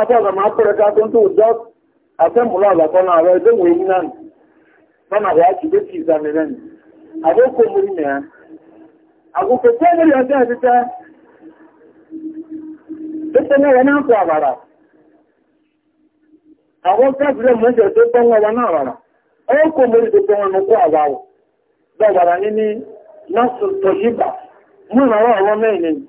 afọ ga m akpụrịta atụntụ ụjọ asemụlụ agbakọ na arụ ebe nwee nna nọ na ya jide ka izamere m agụkọ mmiri na ya ha kwa mmiri ọjọọ etite ha na ya na ntụ abara àwọn káàkiri ọmọ ìjọ tó pọ́ wọn wọn àwàrà ọwọ́ kò mọ́rí tó pọ́ abụ ní kó àwà na lọ́wàrà ní ní ọrụ ọrụ mú ìrànwọ́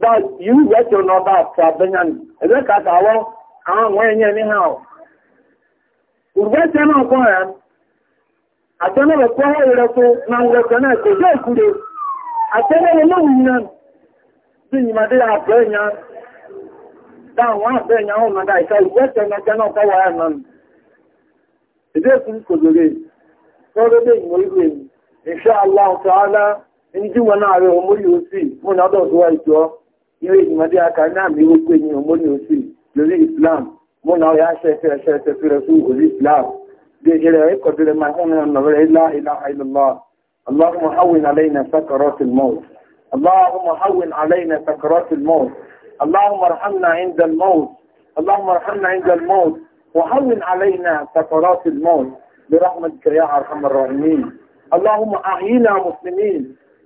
that you get your number after Ebe ka ka wọ àwọn àwọn ẹ̀yẹ ní ha ọ̀. Ìgbẹ́ na náà kọ́ ẹ̀. na kọ́ na ìrẹ́kọ̀ náà kò jẹ́ ìkúre. Àtẹ́nàbẹ̀ náà wù yẹn. Bí ìyìnmọ̀dé àbẹ́ ẹ̀yà. Dáwọn àbẹ́ ẹ̀yà ọ̀hún náà dáìka ìgbẹ́ tẹ́ náà kẹ́ náà kọ́ yóò yìí mọ̀dé aka náà mi wó pé ní ọmọ ní oṣù lórí islam mo náà yà ṣe fẹ́ ṣe fún orí islam bí ẹ̀ṣẹ̀ rẹ̀ ẹ̀kọ́ máa rẹ̀ ilá ilá اللهم هون علينا سكرات الموت اللهم هون علينا سكرات الموت اللهم ارحمنا عند الموت اللهم ارحمنا عند الموت وهون علينا سكرات الموت برحمتك يا ارحم الراحمين اللهم احينا مسلمين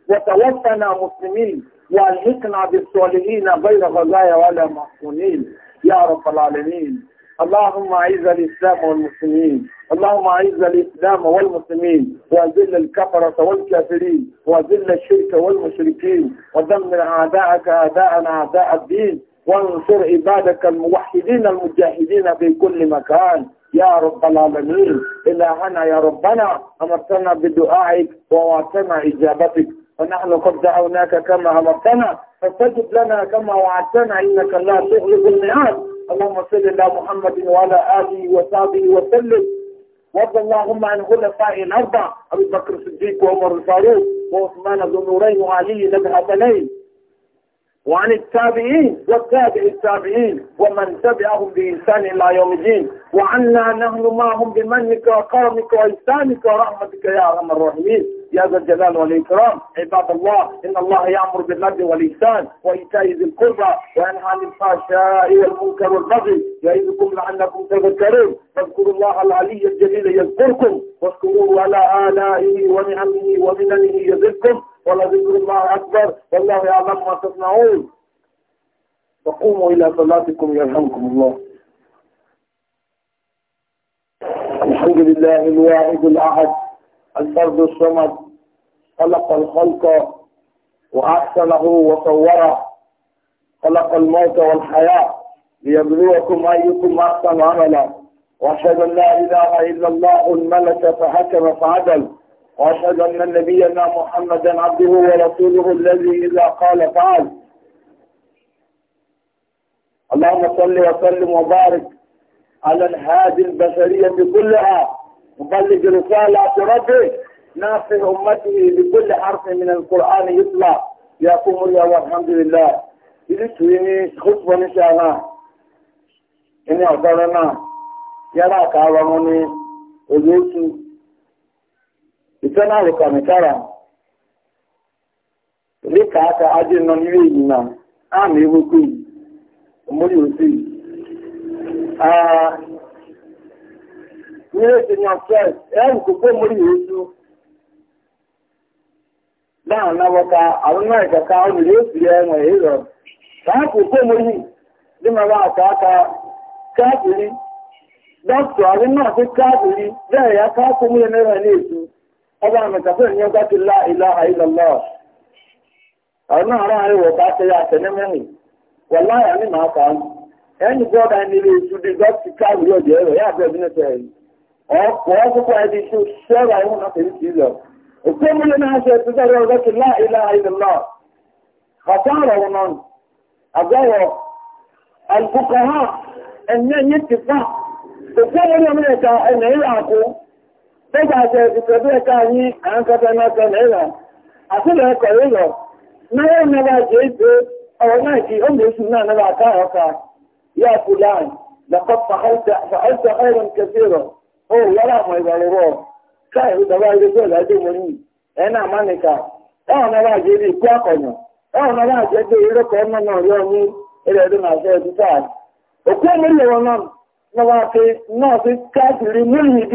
وتوفنا مسلمين والحقنا بالصالحين غير غزايا ولا محسنين يا رب العالمين اللهم اعز الاسلام والمسلمين اللهم اعز الاسلام والمسلمين واذل الكفرة والكافرين واذل الشرك والمشركين ودمر اعداءك اعداءنا اعداء الدين وانصر عبادك الموحدين المجاهدين في كل مكان يا رب العالمين إلهنا يا ربنا أمرتنا بدعائك ووعدتنا إجابتك ونحن قد دعوناك كما أمرتنا فاستجب لنا كما وعدتنا إنك لا تخلف الميعاد اللهم صل على محمد وعلى آله وصحبه وسلم وارض اللهم عن خلفاء الأربع أبي بكر الصديق وعمر الفاروق وعثمان ذو النورين وعلي بن الحسنين وعن التابعين وتابع التابعين ومن تبعهم بإنسان إلى يوم الدين وعنا نحن معهم بمنك وكرمك وإحسانك ورحمتك يا أرحم الراحمين يا ذا الجلال والإكرام عباد الله إن الله يأمر بالعدل والإحسان وإيتاء ذي القربى وينهى عن الفحشاء والمنكر والبغي يعظكم لعلكم تذكرون فاذكروا الله العلي الجليل يذكركم واشكروه على آلائه ونعمه ومننه يزدكم ولذكر الله أكبر والله يعلم ما تصنعون فقوموا إلى صلاتكم يرحمكم الله الحمد لله الواحد الأحد الفرد الصمد خلق الخلق وأحسنه وصوره خلق الموت والحياة ليبلوكم أيكم أحسن عملا وأشهد أن لا إله إلا الله الملك فحكم فعدل وأشهد أن نبينا محمدا عبده ورسوله الذي إذا قال فعل اللهم صل وسلم وبارك على الهادي البشرية كلها مبلغ رسالة ربه ناصر أمته بكل حرف من القرآن يطلع يا الله والحمد لله إذن خطبة إن شاء الله إني أعطانا يراك عوامني وجوتي ìtẹ́nà àlùkàmì kára aka ajị nọ nílé yìí na a na yìí òmórí òsì yìí nílé ti ní ọ̀pẹ́ ẹ̀rù kókó mórí òsù náà náwọ́ta àwọn náà ìkàkà ọ̀nà ilé òsì ka èrò káàkù kó aka ya na na ọba mẹtafẹ ní ọgbà tí la ilaha ara wọ ya tẹnẹ mẹrin wọn láyà ní màá kà án ẹni bọ́ọ̀dà ní ilé iṣu di dọ́kítì káàmù yóò jẹ́ rẹ̀ yá bẹ́ẹ̀ bí ní sẹ́yìn ọ̀pọ̀ ọ̀pọ̀ ẹni iṣu sẹ́ra ìwọ̀n náà tẹ̀lé sí lọ. òkú múlẹ̀ náà ṣe ti sẹ́rẹ̀ ọgbà tí la ilaha ti Dịka ase ikuku eke anyị ankata n'aka na ịla, asịrị ọkọrọ ịlọ, n'ahịa nnaba ji ebe ọ na-esu na-anaba aka ọka ya fulan lakọ fa'alta khairan kasira o yara mai baruro kai da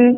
ba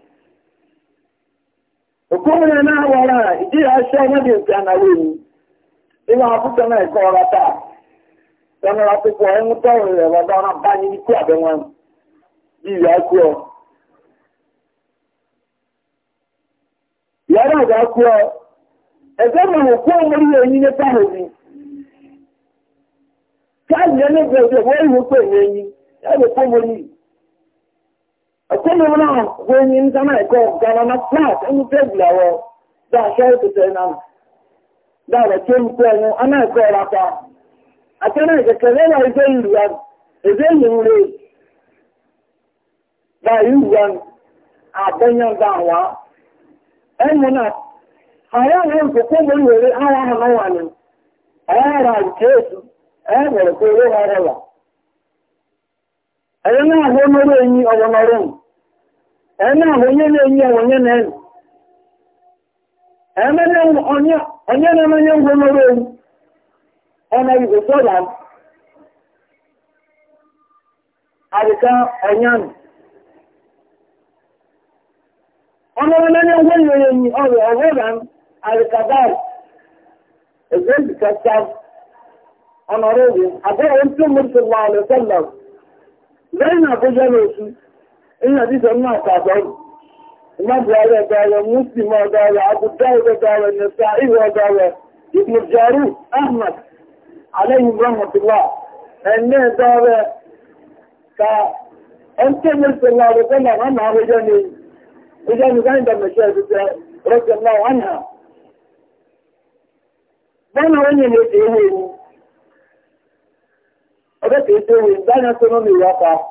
Okonye na-awara iji ịdịghị asị ọnụ dị nke anaghị Ịwa akwụkwọ na-eke ọra taa. Tọnara akwụkwọ ịnwụta ohere ọdọ na mbanye ya akụọ. na-egwu egwu egwu egwu enyi enyi. Ya bụ Ọ̀tẹ́lẹ̀ wọn náà wo ni ń sáná ẹ̀kọ́ ọ̀gára náà class ẹnu tẹ́bù làwọ̀ dá ẹ̀nà dáàbẹ̀ tí ó ń kọ́ ẹnu aná ẹ̀kọ́ ọ̀rá pa. Àtẹ́lẹ̀ ìkẹ̀kẹ̀ lẹ́wà ẹgbẹ́ ìlú wa ẹgbẹ́ ìlú ń bá ìlú wa àbẹ́yàn bá Ẹnu àyà wèrè ara wà ní náà ọ̀rọ̀ eme ahụ onye na-enye onye na na emene onye na-emenye ngwo nwere ewu ọnaghị ụfọdụ adịka ọnyanụ ọnụ emenye ngwo nwere enyi ọrịa ọbụla adịka bari eze ndịkọta ọnọrọ oge abụọ onye ntụ mmiri sọgbọ alụsọlọ zainab ụjọ na ina disa muna kafin imam buhari gawa muslim gawa abu dawud gawa nasa'i gawa jaru ahmad alayhi ka an tabbata sallallahu alaihi wasallam na ha wajani wajani kan da na da radiyallahu onye na-eji ewu ewu yi ne a ewu ndị yi so sunan iwu aka.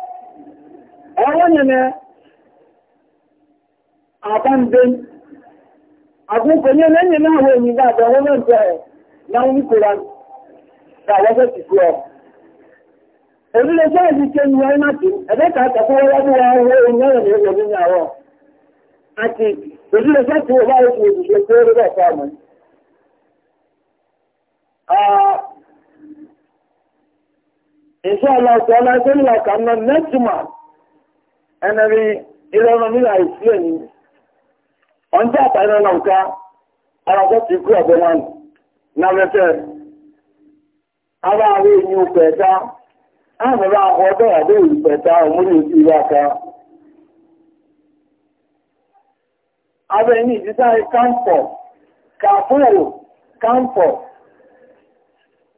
ọrịa na abandon abun ko ne na hawo ni ga da onye nke na wasa ebi na na ti e da ka ka ko wa du wa wo ọrụ na ne ko ni na wo ati ebi le sai ti wa wo ti ọrụ ẹnẹ́rí ilé ọmọ nílà ẹ̀yìn ọ̀n àtàrí ọ̀nà ọ̀ká ara tó ti kú ọ̀bẹ wọn nàbẹ́tẹ̀ ara àwọn èyí pẹ̀ta àmìlá ọdọ́ àdé ìlú pẹ̀ta òmúrí ìlú ìlú àká abẹ́ ìdíta káńpọ̀ kàfúrò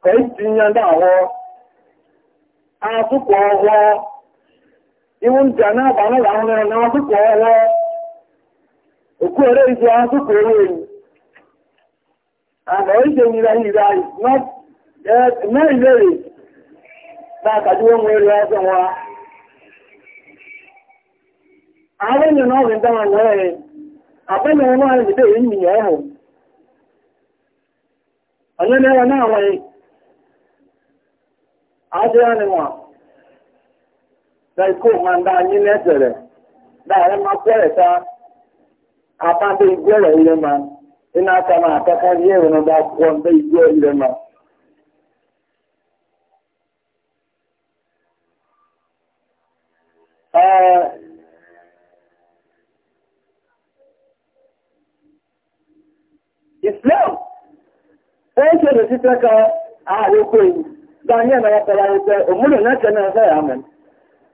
kẹ́ ìtìyàn dáwọ́ àtúkọ̀ ọwọ́ iwu ntị a na-aba anaghị ahụhụra na akụkọ ọhụrụ okwuere isi akụkọ ewu onwe eri e, ọzọ nwa ahụ nwere abụghị ọnụ anyị bidoro enyi ya ahụ onye na-ewe na na ikú máa ń dá yín lẹ́sẹ̀rẹ̀ dáhẹ́ máa pẹ́rẹ̀ ta apáta ìgbẹ́rẹ̀ ilé ma iná ká máa kẹ́kẹ́ ní ìrìnà bá wọ́n bẹ́ ìgbẹ́ ilé ma. Islam, wọ́n ń ṣe lè títẹ́ kan ààrẹ pé Daniel náà tẹ́lá ń tẹ́ òmúlò náà tẹ́lá ń fẹ́ àmì.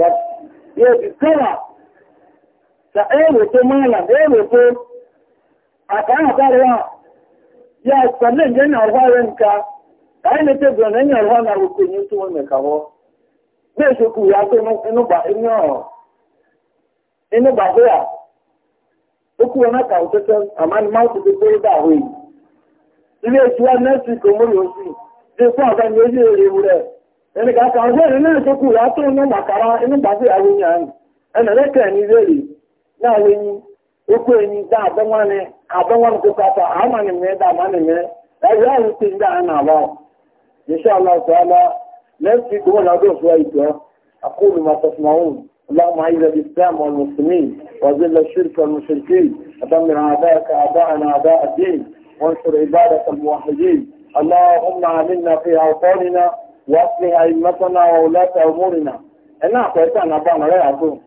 that yóò ti kọ́wà ta ẹ̀rọ tó mọ́lá ẹ̀rọ tó àtàràtàrà ya sannan yana ruwa yanka kayan da tebe na yana ruwa na rukun yin tuwon mai kawo zai shi ku ya ce inu ba inu inu ba zuwa uku wani kawutattun amma ni ma su zai da hoyi ilé ìtura nẹ́ẹ̀sì kò múlò sí ṣe fún àbáyé ojú èrè rẹ̀ ẹni kàkà ọjọ́ ìrìn náà tó kù látọ́ inú màkàrá inú gbàgbé àwọn èèyàn àrùn ẹnà lẹ́kẹ̀ẹ́ ní rẹ̀lì náà wọ́n yí okó ẹni dá àbọ́wọ́ni àbọ́wọ́ni kó kàtà àmà ni mẹ́ na واصلح أئمتنا وولاة أمورنا أنا أقول أنا بان لا يعطون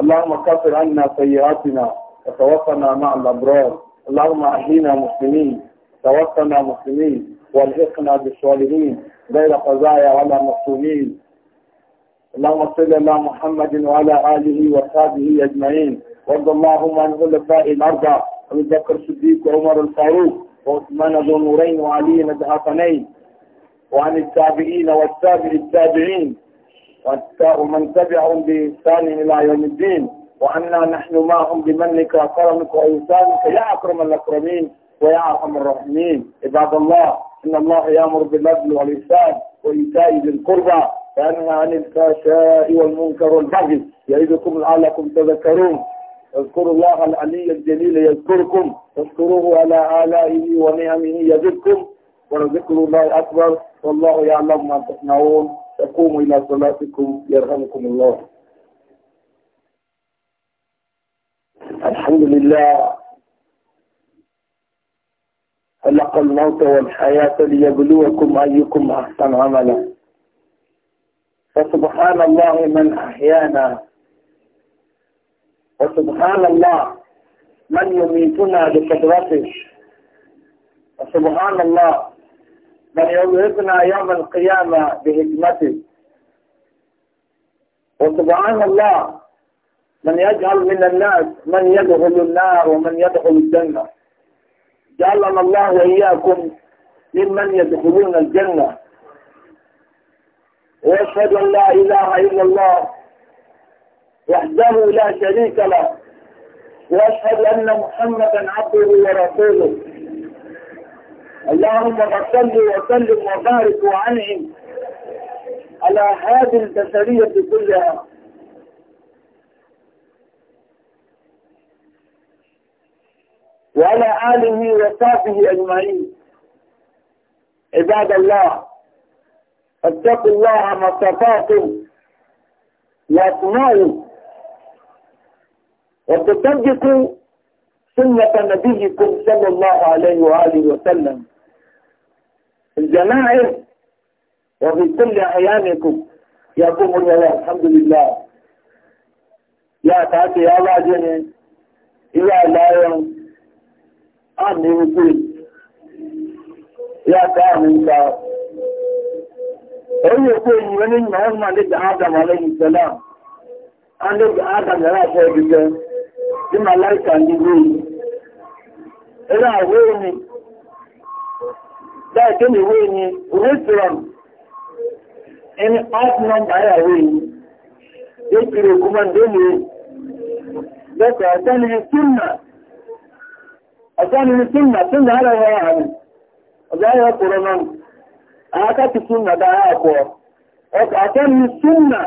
اللهم كفر عنا سيئاتنا وتوفنا مع الأبرار اللهم أحينا مسلمين توفنا مسلمين والحقنا بالصالحين غير خزايا ولا مفتونين اللهم صل على محمد وعلى آله وصحبه أجمعين وارض اللهم عن خلفاء الأربعة أبي بكر الصديق وعمر الفاروق وعثمان ذو نورين وعلي ذو وعن التابعين والتابع التابعين ومن تبعهم بإحسان إلى يوم الدين وأنا نحن معهم بمنك وكرمك وإحسانك يا أكرم الأكرمين ويا أرحم الراحمين عباد الله إن الله يأمر بالعدل والإحسان وإيتاء ذي القربى وينهى عن الفحشاء والمنكر والبغي يعظكم لعلكم تذكرون اذكروا الله العلي الجليل يذكركم واشكروه على آلائه ونعمه يزدكم ولذكر الله أكبر والله يعلم ما تصنعون تقوموا إلى صلاتكم يرحمكم الله الحمد لله خلق الموت والحياة ليبلوكم أيكم أحسن عملا فسبحان الله من أحيانا وسبحان الله من يميتنا بقدرته وسبحان الله من يميتنا يوم القيامة بهجمته وسبحان الله من يجعل من الناس من يدخل النار ومن يدخل الجنة جعلنا الله وإياكم ممن يدخلون الجنة وأشهد أن لا إله إلا الله وحده لا شريك له واشهد ان محمدا عبده ورسوله اللهم صل وسلم وبارك وانعم على هذه البشريه كلها وعلى اله وصحبه اجمعين عباد الله اتقوا الله ما استطعتم واطمئنوا وتصدقوا سنة نبيكم صلى الله عليه وآله وسلم الجماعه وفي كل أيامكم يقوم الله الحمد لله يا تاتي يا واجني إلى لا يوم أني وكل يا كامل كامل أي kó من ní Muhammad آدم عليه السلام a آدم Adam yàrá bí màláìkà ní wéyìí eré àwé ni bẹ́ẹ̀ ní wéyìí ni wisdom ẹni odd number yà wéyìí yóò kiri òkúmọ̀ ní ní bẹ́ẹ̀ ọ̀tọ́ ni súnmà ọ̀tọ́ ni súnmà súnmà ara wọn àmì ọ̀gá yẹ kúrò náà àwọn akẹ́kọ̀ọ́ súnmà dáa àkọ́ ọ̀tọ́ ni súnmà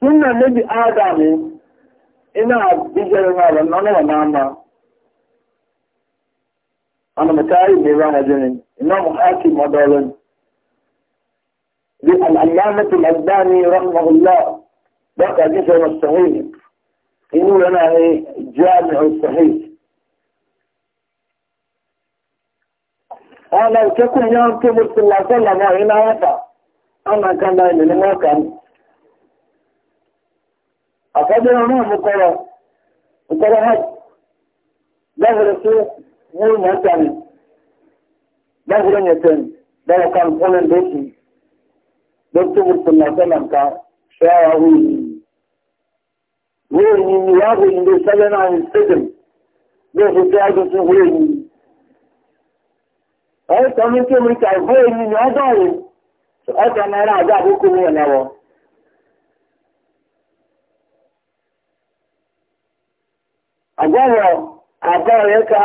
sunna agha adam ina na mara nana wa nama ana mutayi mai rana jinin ina mu haki madalin bi al'allamatu al-albani rahimahullah da ka ji sai mustahil inu yana ne jami'u sahih ana ke kun yanke mutum sallallahu alaihi wa sallam haka ana kan da ne ne kan àtọ́jọ́ náà mú kọ́rọ̀ ìkọ́rọ̀ hajj lọ́wọ́rọ̀ sí wọ́n mọ̀ tàbí lọ́wọ́rọ̀ yẹn tẹ̀ lọ́wọ́ kan fọ́nà lóṣù lọ́tọ́wọ́ fúnà sọ́nà ká ṣọ́ra wíyí wíyí ni wọ́n fi ilé sẹ́lẹ̀ náà ń sẹ́dẹ̀m yóò fi tẹ́ ọdún sí wíyí ni ọdọ́ rẹ̀ ọ̀tọ̀ náírà àjọ àkókò wọn náà wọ́n agwagwa aba ya ka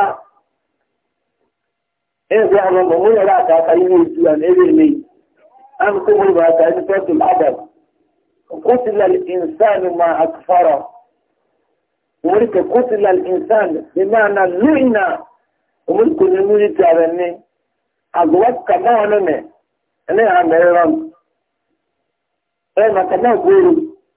ezi ahụ mgbe nwunye ya aka aka ihe etu a na-ere eme an kuma ba ta yi totul adam kutilal insani ma akfara umurka kutilal insani bi ma'ana lu'ina umurka ne muni tare ne agwagwa kama wani ne ne ha mere ran eh maka na goro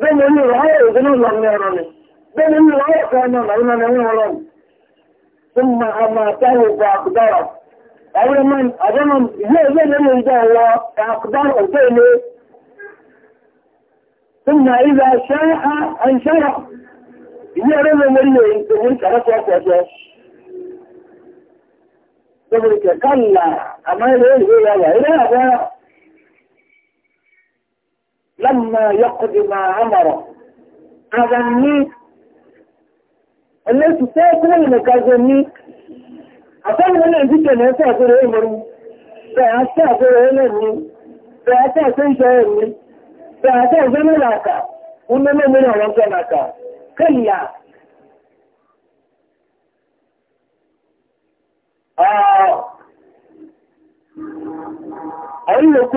bẹ́ẹ̀ni ní ìwáyé ògùn náà lọ́nà ẹ̀rọ ni bẹ́ẹ̀ni ní ìwáyé kan náà lọ́nà ìmọ̀ ẹ̀rọ ni wọ́n tún ma a máa táwọn ògbà àkùdára àwọn ọmọ àjọmọ ilé ilé ilé ilé ìjọ ọwọ́ àkùdára òkè ilé tún ma ilé ṣáà àìṣáà ilé ẹ̀rọ ni wọ́n lè tòun ìṣàlọ́pọ̀ ọ̀pọ̀ Gbogbo ìkẹ̀kọ́ ìlà àmọ́ ilé ìwé ìyàwó ilé àwọn لما يقضي ما أمره أغني الناس تاكل إنك أغني أقول أنا عندك أنا أسافر عمري فأسافر عمري فأسافر شهري فأسافر ملاكا وإنما من أرزمك كلا آه أقول لك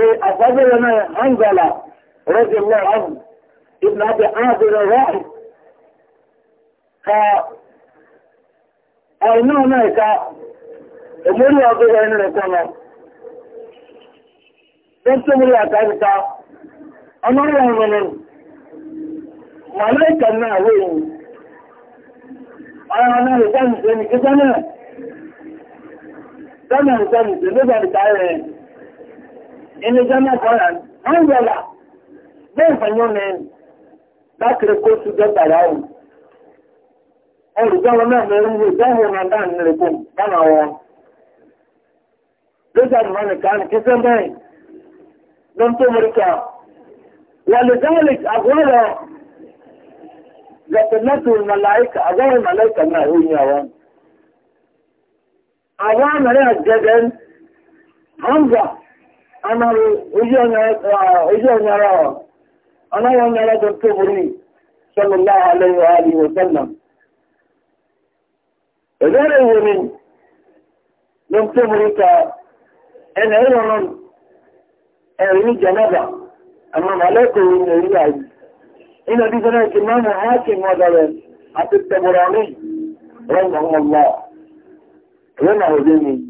في أسابيرنا هنجلة رضي الله عنه ابن أبي عابر الرائد أينه هناك أمور يعطيه هنا لكنا كنت أمور يعطيك أمر يعمل ملايكا ناوين أنا هنا كنت كنت كنت كنت كنت كنت كنت ẹni jẹ́mọ́ kọ́ra wọ́n yọ̀lá bẹ́ẹ̀ fẹ̀yọ́ mẹ́rin lákìrí kó tún dọ́ta ráwù olùjọ́wọ́ náà mẹ́rin wò jẹ́wọ́ náà dáa nílẹ̀ kó dáná wọn lójà ìmọ̀ nìkan kí ń tó mọ́ríkà الملائكة أقول الملائكة ما هو يوان أقول ملائكة جدا حمزة anaghị ozi ọnyara anaghị ọnyara dị nke bụrụ sallallahu alaihi wa alihi wa sallam ebere nwere na nke bụrụ ka ẹnà ịrọ nọ ẹ̀rí janaba amma malẹ́kọ̀ọ́ yìí na ina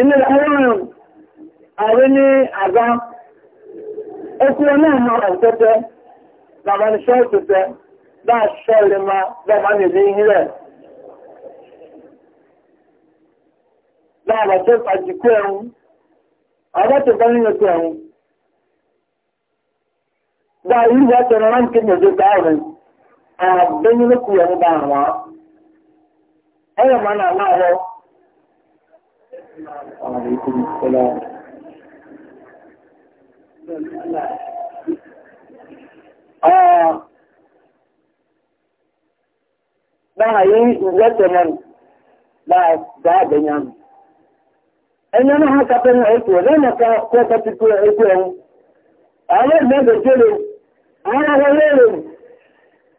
inú ẹ̀rọ̀rùn ahụ ní àgbá okú ọ̀nà ìmọ̀ràn tẹ́tẹ́ bàbá ní ṣọ́ ma bàbá ní ìdí ìhìrẹ̀ láàbà tó pàjìkú ẹ̀hún ọ̀rọ̀ tó bá nínú tó ẹ̀hún bá alaikum salam Ba yi ba da na haka fẹ́ na ẹ̀kọ́ lẹ́nà ká kọ́kọ́ na kúrò ẹ̀kọ́ ẹ̀hún. Àwọn ìgbẹ́gbẹ̀ kéré, àwọn ọmọ lérò,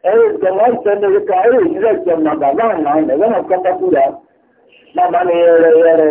ẹ̀rọ ìjọba ìṣẹ́lẹ̀ ẹ̀kọ́ ẹ̀rọ ìjọba ìjọba bàbá àwọn na ẹ̀rọ na kọ́kọ́ kúrò. Bàbá ni ẹ̀rọ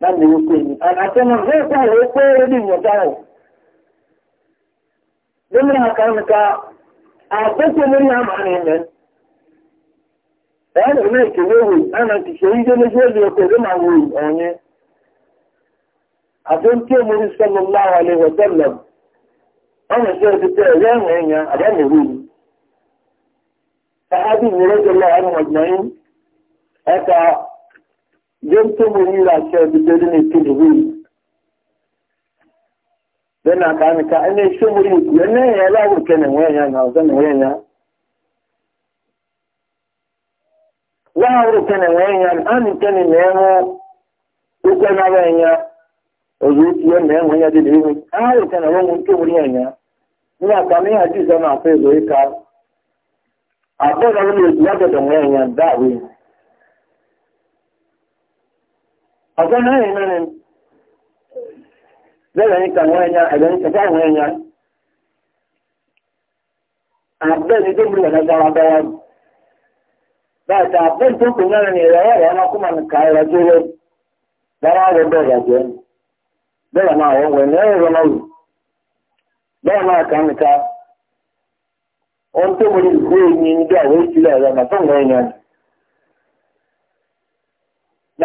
láti lè wípé mi. Àtẹnu rẹ̀ kọ́ lè pé ní ìyọ̀dá ọ̀. Lórí àkàrùnkà, àkókò lórí àmàrin ilẹ̀. Ẹ̀yẹ́ lè mẹ́rin kèrè wò, ẹ̀nà sí ọdún tẹ́ ẹ̀rẹ́ ẹ̀rẹ́ àdánìwò yìí. àwọn ọ̀gbọ̀n yìí. jẹ́ tó mo yíra ṣe ẹgbẹ́ ní ìpínlẹ̀ wíì lẹ́nà àkànníkà ẹni iṣẹ́ mo yìí na ẹni ẹ̀yà aláwọ̀ kẹ́nà wọ́n ẹ̀yà náà ọ̀sán wọ́n ẹ̀yà láàárọ̀ kẹ́nà wọ́n ẹ̀yà ánì kẹ́nà mẹ́rún ó náà ẹ̀yà ẹ̀ mẹ́rún ẹ̀yà tó mo ẹ̀yà ní ìlú ìka àbọ̀dọ̀ ọ̀gá náà yẹn náà ni bẹ́ẹ̀ ní kàwọn ẹ̀yà ẹ̀dẹ̀ ní kẹta àwọn ẹ̀yà àbẹ́ ní tóbi rẹ̀ lọ́jọ́ ara bẹ́ẹ̀ wájú àbẹ́ tó kù náà ni ìrẹ̀wọ̀ rẹ̀ ọmọ kó ní ká ẹ̀rọ tó rẹ̀ bẹ́ẹ̀ wá wọ́n bẹ́ẹ̀ yàjẹ́ máa wọ́n wẹ̀ ní ẹ̀rọ náà máa kà ní ká ohun tó ní ìgbó ẹ̀yìn ní bí àwọn rẹ̀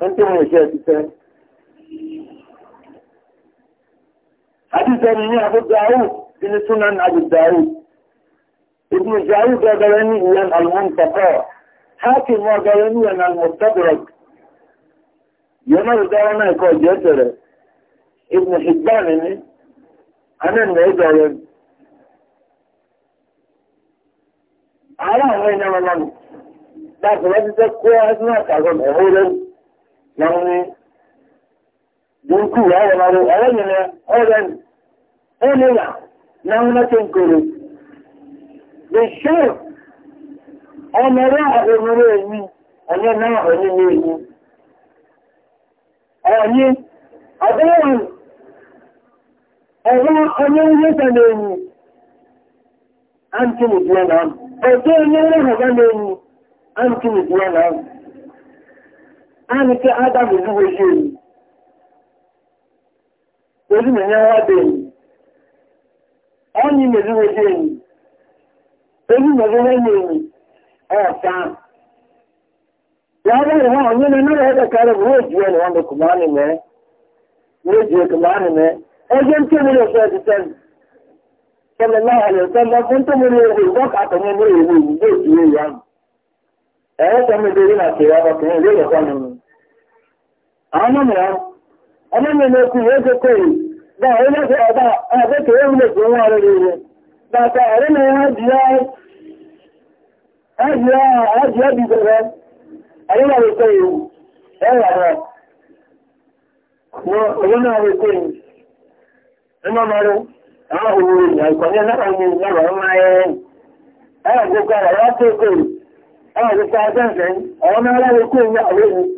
ń tí wọ́n ṣe ti fẹ́. Adìsẹ́ni ní Abu Dawud bínú Sunan Abu Dawud. Ibn Jarir gẹ́gẹ́rẹ́ ní ìyẹn Al-Muntaka. Hákì mọ́ gẹ́gẹ́rẹ́ ní ìyẹn Al-Mustadrak. Yọ́nà ìdáwọ́ náà kọ́ jẹ́ tẹ̀rẹ̀. Ibn Hibban ni, a náà nà àwọn ènìyàn lọ́nà. Dáàbò wọ́n ti tẹ́ kó ẹgbẹ́ àtàrọ̀ ẹ̀hó lọ́rùn burúkú ọwọ́ lọ́rùn ọwọ́ a ọ̀rẹ́ ẹlẹ́yà láwọn lọ́tẹ̀ nkòrò lè ṣe ọmọ rẹ̀ àgbẹ̀mọ̀rẹ̀ èyí ọ̀yẹ́ náà ọ̀yẹ́ na èyí ọ̀yẹ́ àbẹ́rẹ̀ ọ̀rọ̀ ọmọ ilé tẹ̀lé èyí àǹtí nìdíẹ̀ náà ẹni tí Adam ìlúwé ṣe èyí pẹ̀lú ìyẹnwádẹ̀ èyí ọ́nì mẹ̀lúwé ṣe èyí pẹ̀lú mẹ̀lúwé ṣe èyí ọ̀ta yàrá ìwọ̀n ọ̀yìn ní na kẹrẹ bú ó jù ẹ̀ kùmánì mẹ́ nínú a ọlọ́mìnà okùn yóò tó kò yìí bá orílẹ̀-èdè ọba àbẹ́kẹ̀ yóò lè fún wọn rẹ̀ rẹ̀ bàtà àrínà ájíá bìbẹ̀rẹ̀ ayéwàwẹ̀ kò yìí ẹwà rẹ̀ orílẹ̀-èdè kò yìí ya mọ́rún àwọn òwúrò ìyàkọ̀ọ́yẹ́ náà ní ìlọ́rọ̀ ọmọ ayẹyẹ ẹ̀rọ̀ gbogbo àwọn ọ̀rọ̀ ya kò ya ẹ̀rọ̀ gbogbo àjẹ́ ìfẹ́ ọmọ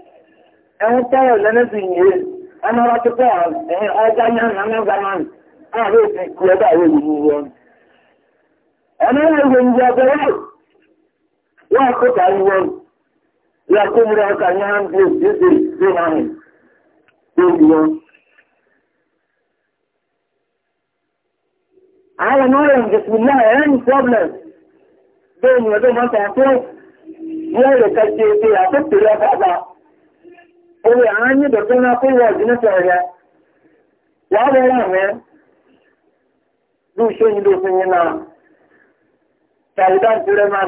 ẹ̀hún tẹ́lẹ̀ lẹ́nu sì yìí ẹnu ọ̀rọ̀ tó pọ̀ ẹ̀hún ọjà yẹn ní ọmọ ọgbà náà náà ló ti kú ẹgbẹ́ àwọn olùwò wọn. ẹnu wọn ìwé ìwé ọgbẹ́ wọn wọn kó ta ìwọ yà kó múra ọkà ní hàndé dídè dé náà dé ìwọ. àwọn ọmọ rẹ̀ ń gbèsè náà ẹ̀ ń problem bẹ́ẹ̀ ni ọdún mọ́ta tó yẹ́ kóbi àwọn ní dọ̀tọ́ náà kó wọ ọ̀dún nípa ẹ̀yà wàá wọ wà mẹ́ bí iṣẹ́ yìí ló fún yín náà tàbídá ìpínlẹ̀ máa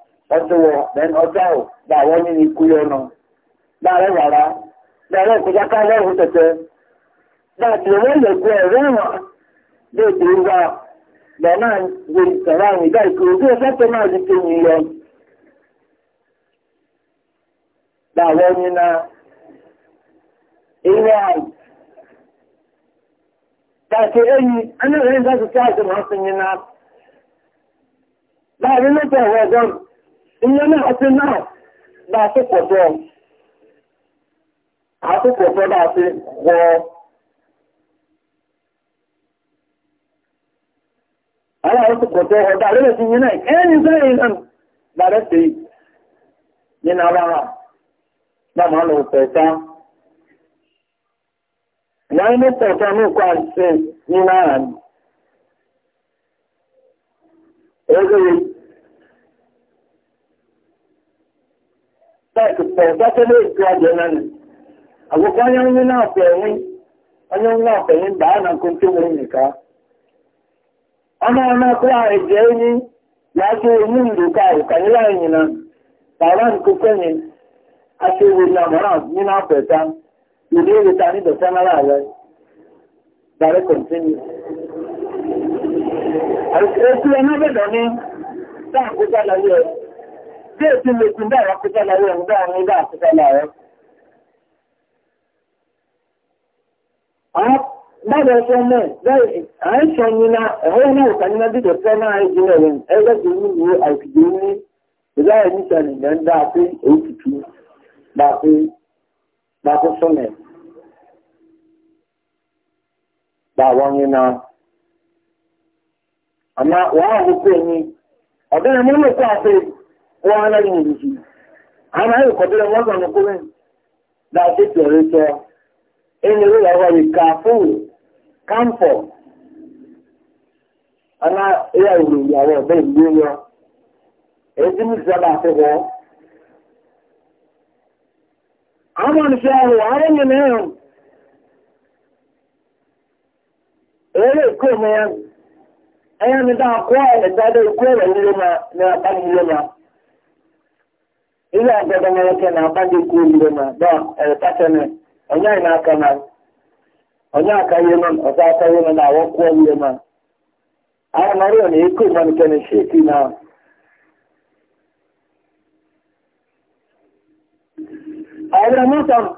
ọtọwọ bẹẹni ọjà ò gba àwọn nínú ikú yọnu láàrẹ wàrà láàrẹ ìkọjá ká lẹrùn tẹtẹ láti owó ìlẹkọ ẹrọ ẹwọn lè dé wá bẹẹ náà gbé ìtẹ̀wá àwọn ìdá ìkúrò bí ọjọ́ tó náà di tó yìí yọ. láwọn nínú ilé àì láti èyí ẹni rẹ̀ bá ti ṣáàtì máa ń fi yín náà láàrin lọ́jọ́ ìwé ọjọ́ ìyẹn náà náà bá tó pọ̀ bá ti wọ aláwọ̀ tó ọ̀dá lẹ́lẹ̀ sí yẹn ẹni sẹ́yìn ìlànà bàrẹ́ sí nínú ara náà lọ pẹ̀ta ìyáyé pẹ̀ta ní àti agwụkwa onye nri na-apụ enwe onye nri na-apụ enwe daa na nkonto nwere nneka ọnụ ọnụ ọkụrụ anyị ji enyi ya aka ndụ ka anyị na aka ewu na mara na ndị dọta nara ala dara taa na tí èsì lè ndị dára kúta láyé ẹ̀ dára ní dára kúta láyé. Báwo ṣe ń mẹ́ bẹ́ẹ̀ sọ ní na ẹ̀họ́ náà ò kàní náà dídò náà ẹ̀jẹ̀ náà ẹgbẹ́ tó ní ìwé àìsìdè ní ìdá ẹ̀ níta nìyẹn ń èyí tutù wọ́n rẹ̀ ní ìlú yìí. Àwọn ayò kọ̀bílẹ̀ wọ́n sọ̀rọ̀ kúrẹ́ láti tẹ̀rẹ̀ sọ. Ẹni ìwé ìyàwó rẹ̀ kà fún Àná ìyá ìlú ìyàwó ọ̀bẹ ìlú wọn. Èyí tí sábà fi wọ́. Àwọn ìṣe àwọn yẹn ìkó dáa kó ẹ̀dá dé ní ile agada na ike na akpadi mgbe ma da eretachene onye na aka na onye aka ihe nọ ọzọ aka ihe nọ na awọkwuo mgbe ma na ọrịa na eko ma nke na sheki na ọbịa mụta ọzọ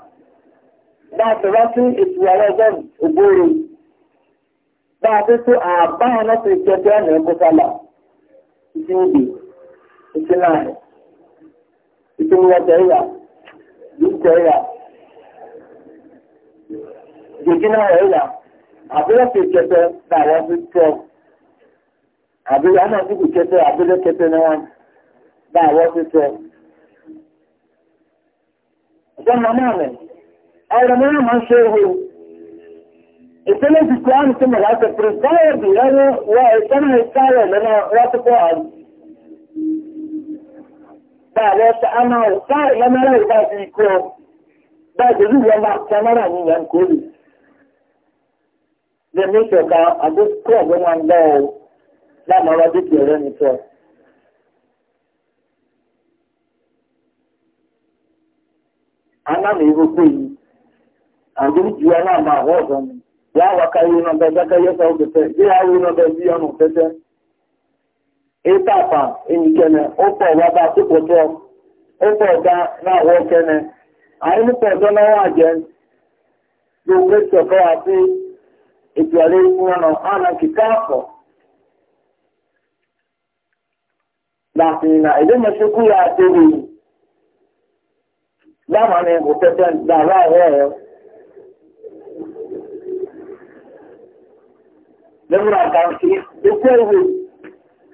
atụtụ na ikpe na ubi isi cikin wajayya dukiyayya jìkínàwọ̀yà àbúrẹ́kẹ̀ kẹtẹ tàwọn fi tọ́ àbúrẹ́ àmàtìkù kẹtẹ àbúrẹ́ kẹtẹ ni wọ́n tàwọn fi tọ́. ọ̀sán màmá mi ọ̀rọ̀ mi máa ń ṣe é hó ìpínlẹ̀ ti kọ́ àmì tí mo láti pèrè báyọ̀ bìyànjú wọ ìtọ́nà ìtayọ̀ lẹ́nu rọ́tùkọ́ àdúgbò. báàbọ̀ ta ama o káàrì lámẹ́rà ìgbà ti kọ́ báàbọ̀ ìlú wọn bá ní yàn kó lè. lè ní ìṣọ̀ka àgbékò ọ̀gbẹ́ wọn lọ o lámọ̀rọ̀ dúkìá rẹ̀ nìtọ́. anáàmì ìrókò yìí àgbéríjì wọn náà máa wọ́ ọ̀dọ́ mi. yàrá wa ká yóò náà bẹ́ẹ̀ bẹ́ẹ̀ ká yẹ ịtapa enikene ụkọ ọbaba tụpụtụ ụkọ ọga na-ahụ anyị mụkọ ọzọ n'ọnwa aje n'ogbe sọkọwasị ìtùwàlẹ̀ ìfúnnà ọ̀nà kìkà afọ̀ láti na èdè mẹ́sẹ̀kú yà àtẹ́lẹ̀ yìí dáàmà ní òtẹ́tẹ́ dàrá ọ̀rẹ́ ẹ̀ lẹ́mùrà kàǹkì ìkú ẹ̀wẹ̀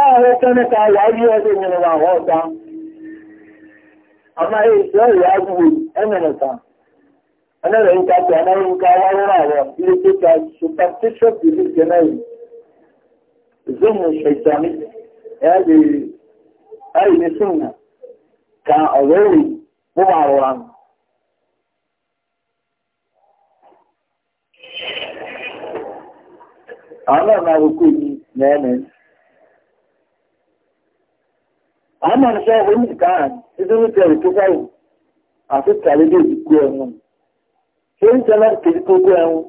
ààrẹ tẹ́lẹ́ta wà ní ọdún ìrìnà àwọn ọ̀dá àmá ìṣẹ́ ìwà agbúgbò ẹmẹ́rẹ̀ta ẹlẹ́rẹ̀ ìta tí amẹ́ríkà wáyọ́rọ̀ àwọn ilé tó ta superstitious belief jẹ́nẹ́rì zomu ṣẹ̀tàmí ẹ̀ẹ́dẹ̀ ẹ̀yìn súnmù ka ọ̀rọ̀ èrè bó wà rọra nù àwọn náà máa rò àmọ́ ṣe oníkàá nítorí tẹ̀lé tó kọ́ àti tàlẹ́ dé ìdíkú ẹ̀wọ̀n ṣé ń tẹ́lẹ̀ kìí kókó ẹ̀wọ̀n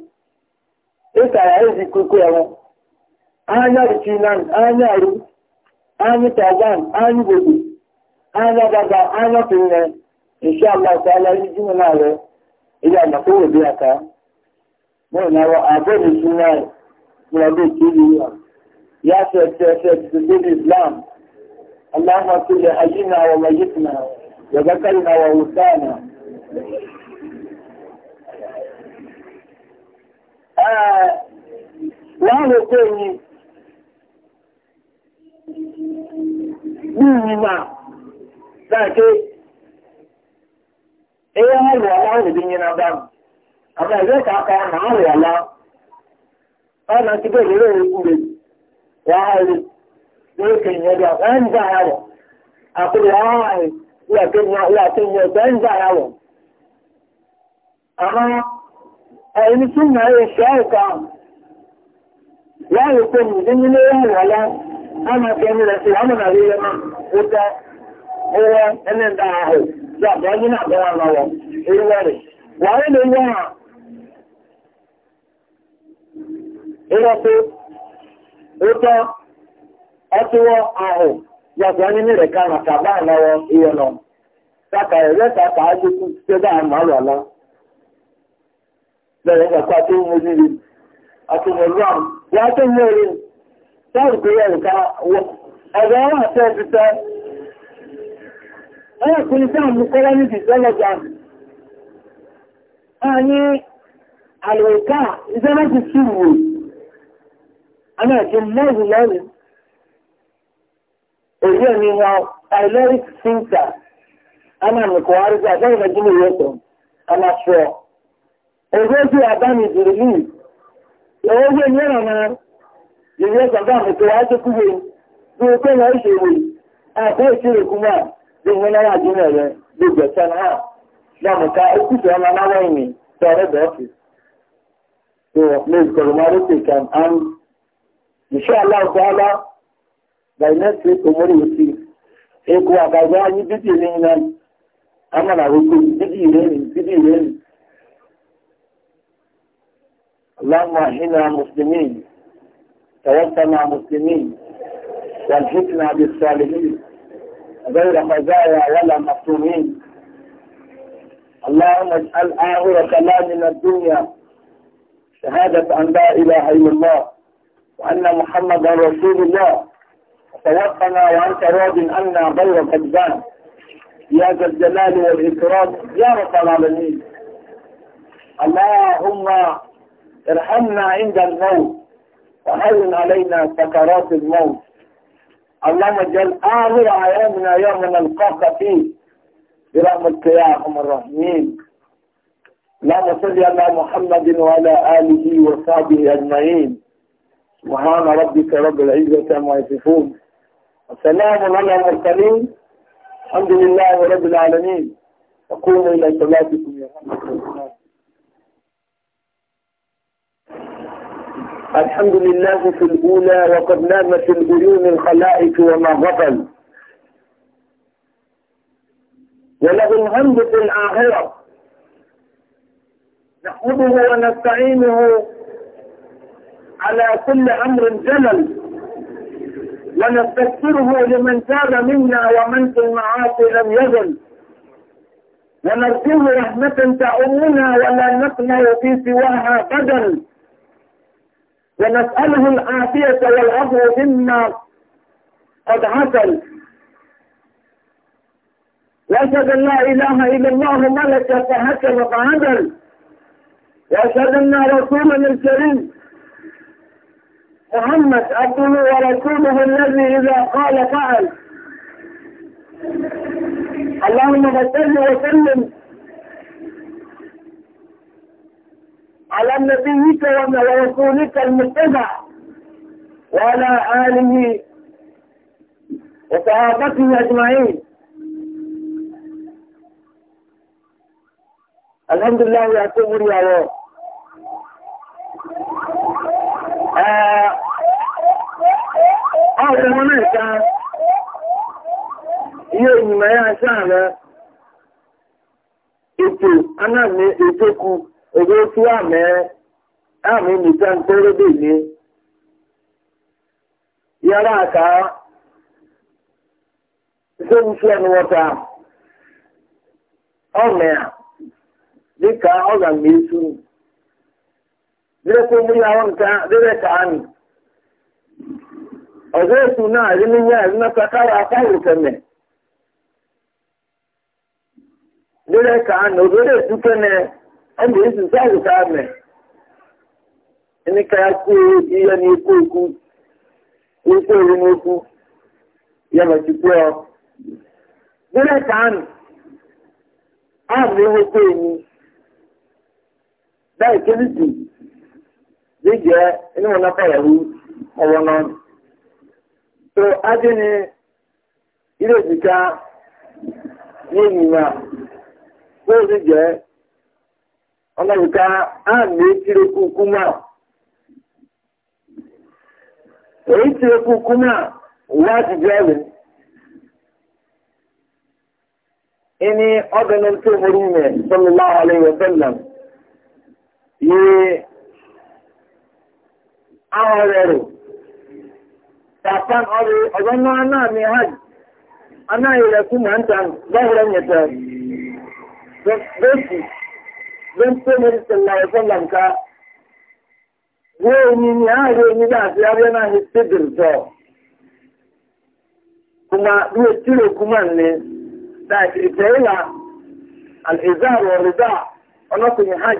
ìtàrà èdè kókó ẹ̀wọ̀n ányá ìtìnan ányá rú ányí tàgbán ányí gbogbo ányá bàbá ányá tìrìnà ìṣẹ́ náà rẹ̀ اللهم اغفر لحينا وميتنا وذكرنا وانثانا láàrín òkú ẹ̀yìn ní ìrìnà dáké ẹyẹ ọrọ̀ aláwọ̀ ìbí yẹn náà dáàmù àmà ìwé kàákà náà rẹ̀ alá ọ̀nà ti bẹ̀rẹ̀ rẹ̀ ikú rẹ̀ wà يمكن يرجع فانزع هذا أقول هاي لكن لكن تنزع هذا أما أين سنة الشركة لا يكون من ولا أما كان رسول أنا نبي لما قلت هو أن ندعه لا بعدين أبغى الله إلى وين إلى إلى تو إلى ọtụwọ ahụ yàtọ̀ onye mere ka na kaba anaghọ ihe nọ saka eresa ka ajụkwu sebe a ma lọla bẹ̀rẹ̀ ẹ̀kọ́ tó ń mojú rí àti mọ̀lúwà wọ́n tó mú orí sáàrù pé yẹ̀ nǹkan ọ̀dọ̀ ọ̀rọ̀ àti ẹ̀fẹ́fẹ́ ọ̀rọ̀ kò ní sáà mú kọ́lá níbi ìsọ́lọ́gbà náà ní àlòkà ìsọ́lọ́gbà sí ìwò àmì ẹ̀kí mọ́ọ̀lù lọ́rùn òye ni wọn àìlẹ́rìí sínkà ama nìkọ́ arúgbó àtẹ́yìn náà jìnnà ìwé tó ama sọ òye tí àbámi dìrìlì lọ́wọ́ yé ní ẹ̀rọ náà ìwé sọ̀gá nìkọ́ adékúwe bí o pé náà ó ṣèwé àbẹ́ ìṣirèkúmọ́ bí wọn náà wà take an arm. Inshallah, Allah, اللهم اهنا مسلمين توفنا مسلمين والحقنا بالصالحين غير خزايا ولا مفتونين اللهم اجعل اخر كلامنا الدنيا شهادة أن لا إله إلا الله وأن محمدا رسول الله توقنا وأنت راض أنا غير كذبان يا ذا الجلال والإكرام يا رب العالمين اللهم ارحمنا عند الموت وهون علينا سكرات الموت اللهم اجعل آخر أيامنا يوم نلقاك فيه برحمتك يا أرحم الراحمين اللهم صل على محمد وعلى آله وصحبه أجمعين سبحان ربك رب العزة عما يصفون السلام على المرسلين الحمد لله رب العالمين أقوم إلى صلاتكم يا الحمد لله في الأولى وقد نامت العيون الخلائق وما غفل وله الحمد في الآخرة نحمده ونستعينه على كل أمر جلل ونستغفره لمن تاب منا ومن في المعاصي لم يزل ونرجو رحمة تعمنا ولا نقنع في سواها قدم ونسأله العافية والعفو منا قد عسل وأشهد أن لا إله إلا الله ملك فهكذا فعدل وأشهد أن رسولنا الكريم تهمت عبده ورسوله الذي إذا قال فعل اللهم صل وسلم على نبيك ورسولك المتبع وعلى آله وصحابته أجمعين الحمد لله يا كبر يا رب آه، ọ̀pọ̀ mẹ́ta ihe ìgbìmọ̀ ya sáàrẹ ètò anáàmì ètòkù ògbó tí otu a àmì nìta ń tẹ́rẹ́ bèèrè yara aka ìṣẹ́wùsí ẹnu wọ́ta dịka ọ ga-esu n'ekwu mú ya ọ̀nka dẹ́rẹ́ ka anyị ọzọ ètò na-adị ní yá ẹ̀rí mẹ́ta kára apáwò kẹ̀mẹ̀. Lílẹ̀ kàá nà obere ètò kẹ́nẹ̀ ọmọ èsì sáàwò káà mẹ̀. ndị káyà kú ojú yẹ ní ikú ikú, ikú orí ọ. Lílẹ̀ kàá nù, àmì dị so adịghị ireziga n'enyi ya ozi jee ọnọdụka a na-etiri kukume a èyítire kúkú a wá ti jẹ́rìí ịnị ọdún tó mú rúmẹ̀ sọlọ́lá àlẹ́yọ̀ sọ́lá yìí àwọn tafan ọrụ ọzọ nwa anaghị hajj anaghị rekwu na nta zahira nyeta besi don toniri sallallahu sallam ka ruo onyinye ahụ onye da abịa na ahụ sidir tọ kuma ruo tiro kuma na da kirtaila al-izar wa rida ọnọkùnye hajj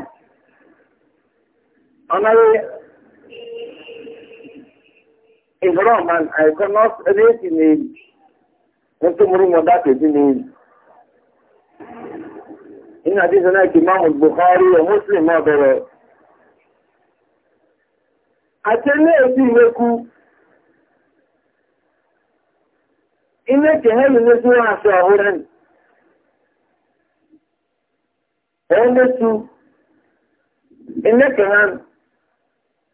ọnọrị ihraman I cannot rate in age. Mtu murumu dake in age. إن حديثنا إمام البخاري ومسلم ما بره àtẹ́lẹ́ ẹ̀bí ìwékú iná kẹ̀hẹ́lì ní tí wọ́n àṣọ àwúrẹ́ nì ẹ̀ẹ́lẹ́tú iná kẹ̀hẹ́lì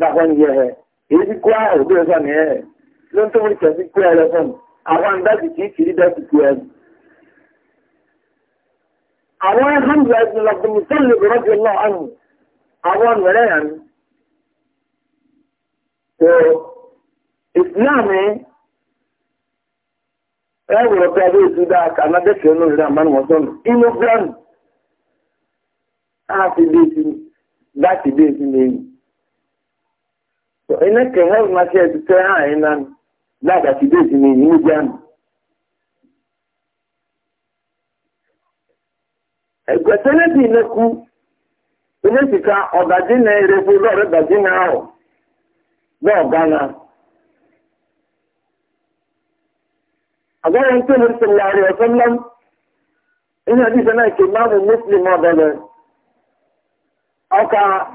dákọ́ni yẹ ẹ èyí ti kó àrùn òbí ẹ̀fọ́ ni ẹ ló ń tó wọ́n kẹ̀sí kó ẹ lẹ́fọ́n àwọn dájú kìí kiri dájú kó ẹ. àwọn hamza ibn abdul mutalib rọ́bì náà ànú àwọn mẹrẹ yẹn tó ìsìláàmù ẹ wùrọ̀ pé abẹ́ ètò dáa kà ná dẹ́kẹ̀ wọn sọ̀nù inú bíọ́nù láti dé sí láti dé sí lẹ́yìn. So in that can help my kids to turn high and then like that you did in the new jam. na erefo lọ́rẹ̀ dàjí na ọ̀ bẹ́ẹ̀ gánà. tó ọ̀sán náà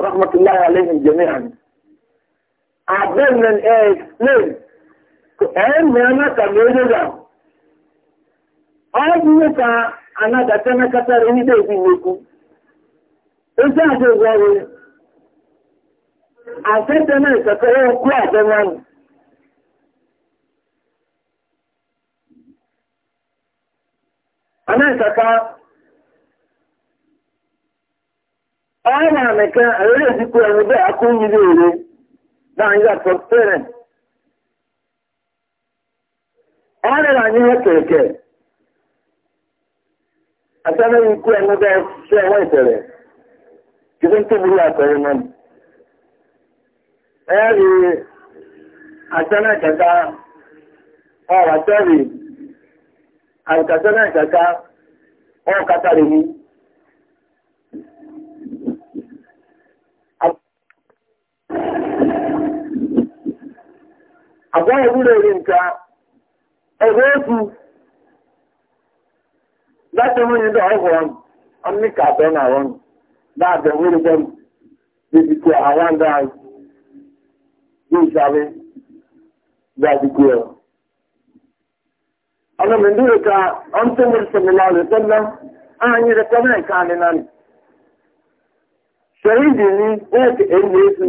رحمة الله عليهم جميعا عبدالنا الآية ليه؟ أهم أنا كميرجع أبنك أنا كتنا كتر إيدي في ميكو إنت أتوزاري أفتنا كتر إيكوا أتنان أنا كتر ọ̀rọ̀ àmẹ́kẹ́ ẹ̀rọ ìsìnkú ẹ̀rọ bẹ́ẹ̀ ere na láàrin àtọ́ pẹ́rẹ̀ ọ̀rọ̀ àyíyàn kẹ̀kẹ́ àtẹ́rẹ́ ikú ẹ̀rọ bẹ́ẹ̀ ṣẹ́ ẹ̀wọ́ ìtẹ̀rẹ̀ kí ló ń tóbi àtẹ̀rẹ̀ náà eri àtẹ́rẹ́ kẹta ọ̀rọ̀ àtẹ́rì agwa ya nke ebe egwu láti mú yìí dọ̀ ọ̀hún ọmọdé kàtọ́ náà na láàbẹ̀ wúrú bọ́ọ̀lù bíbi kú àwọn àdá bí ìsàlẹ̀ láti kú ẹ̀. ọmọ mi dúró ka ọmọ tó mú sọmọ náà lè tọ́lá ààyè rẹ̀ kọ́ náà káàní náà nì. ṣèyí dì enyi wọ́n ti èyí èsù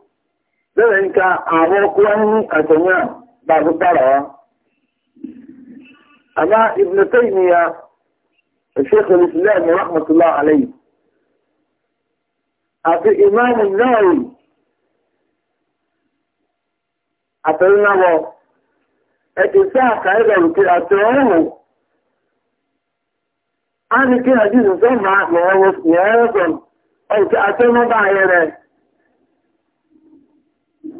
sẹ́rẹ̀ nka àwọn ọkùnrin àtẹ̀yà bàbá bára wa. Àmá Ibn Taymiya, Sheikh al-Islam rahmatullah alayhi. Àti Imam Nawawi àtẹ̀yìnàwọ̀ ẹ̀kì sáà kàídà rùkì àti ọ̀rùn. A ní kí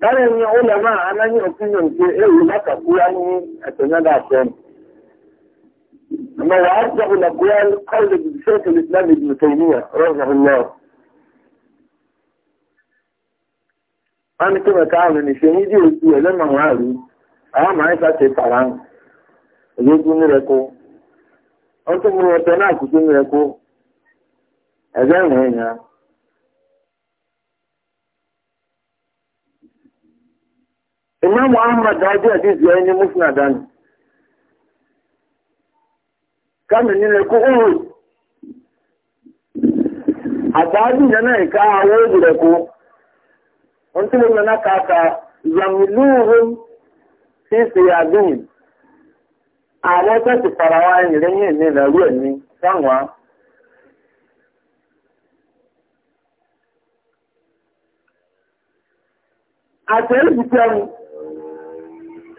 lára ẹni ọlọ́mọ aláyé òpinion nke ewu maka ní ẹ̀tẹ̀mẹ́dà fẹ́m ọmọ wa ájọ ọlọ́kúrá kọ́lẹ̀ ṣẹ́kẹ̀ ìsìlámì bụ tẹ̀yìnìyà rọ́ọ̀sán náà wọ́n ní kí mẹ́ta àrùn ní ṣe ní ìdí òkú ẹlẹ́mọ̀ wọn rí àwọn máa ń ṣàṣe Imam Ahmad da ji hadisi ya yi musnadan. Kamin ni ne ku uru. Àtàdì nana ìka àwọn òbúrẹ̀ kú. Wọ́n tí wọ́n nana kàkà A sí Sèyàdùn. farawa tó ti fara wá ìrìnyìn ni Sanwa. ẹ̀mí sáwọn.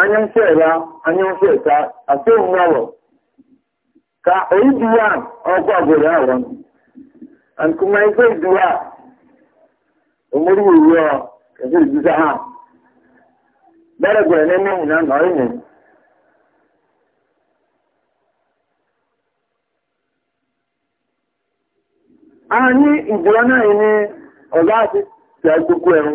anya nkwụ ịla anya nkwụ ịta ka oyi duwa ọkụ agwụrụ awọ and kuma ife duwa omori wuru ọ kedu izuza ha bere gwere n'ime nwụna na ọyị nyenye anyị ìdúró náà ọ ọ̀gá àti ìṣẹ́ àgbókò ewu.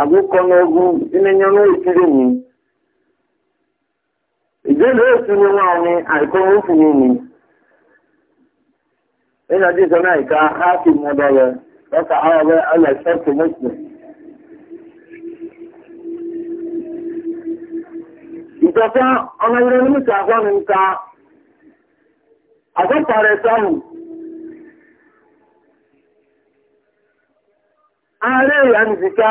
agụkọ n'ogwu imenye n'etiri nyi ìjẹ́lú èsìnì wọn ni àìkọ́ òfin ni ina ji sọ náà ìka hafi mọ́dọ̀ rẹ̀ lọ́kà àwọ̀wẹ́ alẹ́sẹ̀kù mọ́sùn ìjọba ọmọ ilẹ̀ nígbà àwọn nǹka àgọ́pàrẹ̀ sáhùn ààrẹ ìyànjìká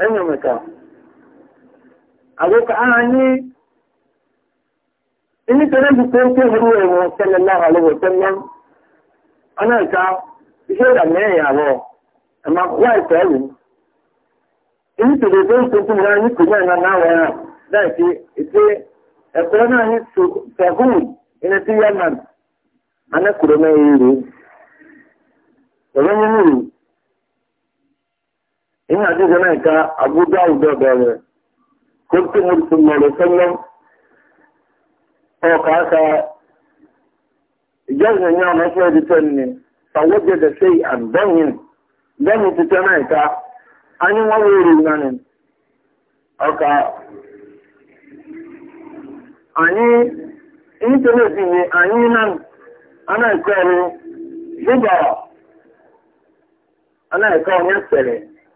enyemaka agụka anyị ini tere bute nke hụrụ ewu sallallahu alaihi wasallam anaghịka e ihe ga mee ya abụọ ama waịt ọrụ ebe nke nke ya e e na awa na ya na anakwuru na ina hadisi nan ka abu dawud da da kuntu sallallahu alaihi wasallam o ka ka jazza nya na sai da tanni fawajada shay'an damin damin tutana ka an yi wawuri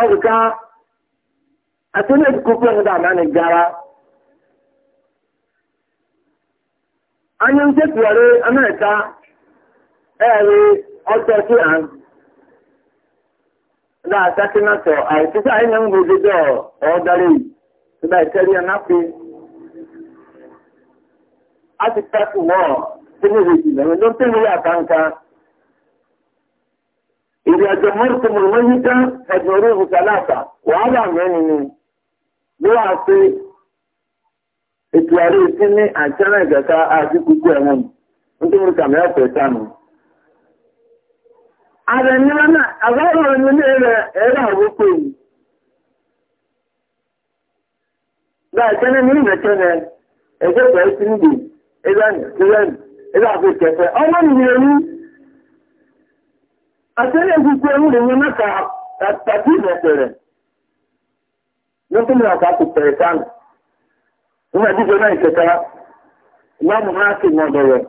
ọ̀dùká àtúndé kúkú ẹ̀mú na-egara, gara. Anyọ́ ń tẹ́ pìọ̀rẹ́ Amẹ́ríkà ẹ̀rí ọ̀tọ̀ sí à ń dá àtàkì náà tọ̀ àìsí sí àyẹ̀yẹ̀ ń gbòdì dọ̀ ọ̀ọ́darí ìgbà ìtẹ́rí ẹ̀náfi. A ti إذا جمرتم الميت فاجمروه ثلاثة وهذا يعني دعاء ìtùwárí ìsinmi àṣẹ́rẹ́ ìjẹta àti kúkú ẹ̀wọ̀n nítorí kàmí ọ̀pẹ̀ sánú. ààrẹ nílá náà àbárò Àtẹ́lẹ̀ gbogbo ẹ̀rù rẹ̀ wọn náà tàbí ìrẹ̀pẹ̀rẹ̀. Lọ́kùnrin àkàkù pẹ̀rẹ̀ sáàmù. Wọ́n àdíjọ náà ìkẹta, ìmáàmù náà sì mọ̀ bẹ̀rẹ̀.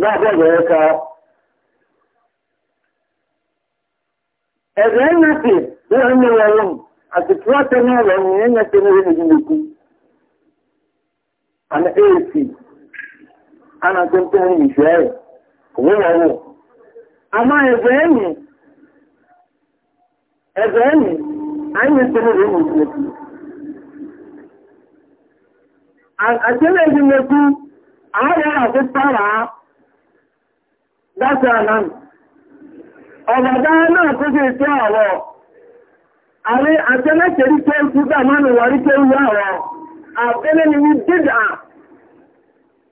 Náà bẹ̀rẹ̀ ẹ̀ka. Ẹ̀rẹ̀ ẹ̀yẹ́ sí, wọ́n ń lọ wọ́n, àti tí wọ́n tẹ́ náà lọ́wọ́ ana tó ń tó ń ìfẹ́ rẹ̀ a àmá ẹ̀fẹ́ ẹ̀yìn ẹ̀fẹ́ ẹ̀yìn àyìn tó ní ìrìn ìfẹ́ àtẹ́lẹ̀ ìdí mẹ́kú àárẹ̀ àti tààrà dáṣà náà ọ̀gbàdá náà tó ṣe ìfẹ́ ọ̀rọ̀ àrí àtẹ́lẹ̀ kẹrí kẹ́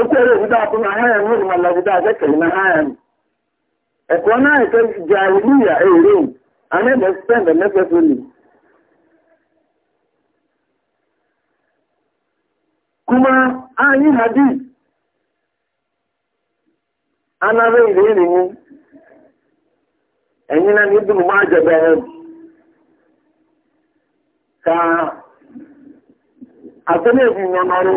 ekwere obodo akwụ na ha ya nwere mala obodo a na ha ya ekwe na eke jahiliya ere ana eme spend necessarily kuma anyị hadi anara ire iriwu enyi na ibu mma ajebere ka asọ na-ebu n'ọrụ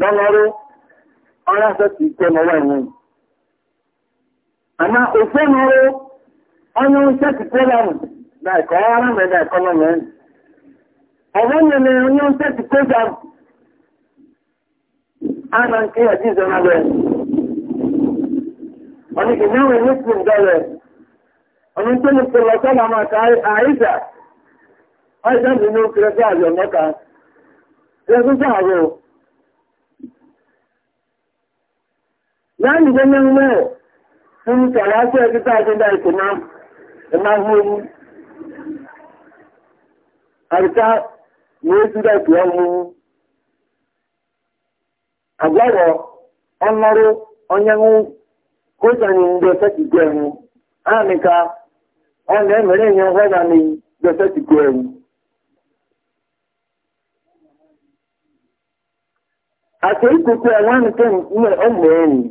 lọ́lọ́rọ́ ọrụ sọ́tì ìtẹ́ lọ́wọ́ ẹ̀wọ̀n. Àmà òfé lọ́rọ́ ọ̀nà iṣẹ́ ti kó lọ́rùn láìkọ́ ọ̀rá mẹ́ta ẹ̀kọ́ lọ́rùn ẹ̀yìn. Ọ̀rọ̀ yẹn ni ọ̀nà ana nke kó jà. Àná nkí ẹ̀jí ìzọ́nà rẹ̀. Ọ̀nà ìgbìyànwó ìlú ti ń dọ̀rẹ̀. Ọ̀nà tó ní kò lọ sọ́nà máa láàrín ìgbẹ́ni ọmọ ẹ̀ fún kàláṣẹ́ ẹgbẹ́ta àjẹ́dá ìpè náà ẹ máa hó ní àríká ní ó tún dẹ̀kì ọmọ àgbọ̀wọ̀ ọlọ́rú ọnyẹ́wó kó sani ń jẹ́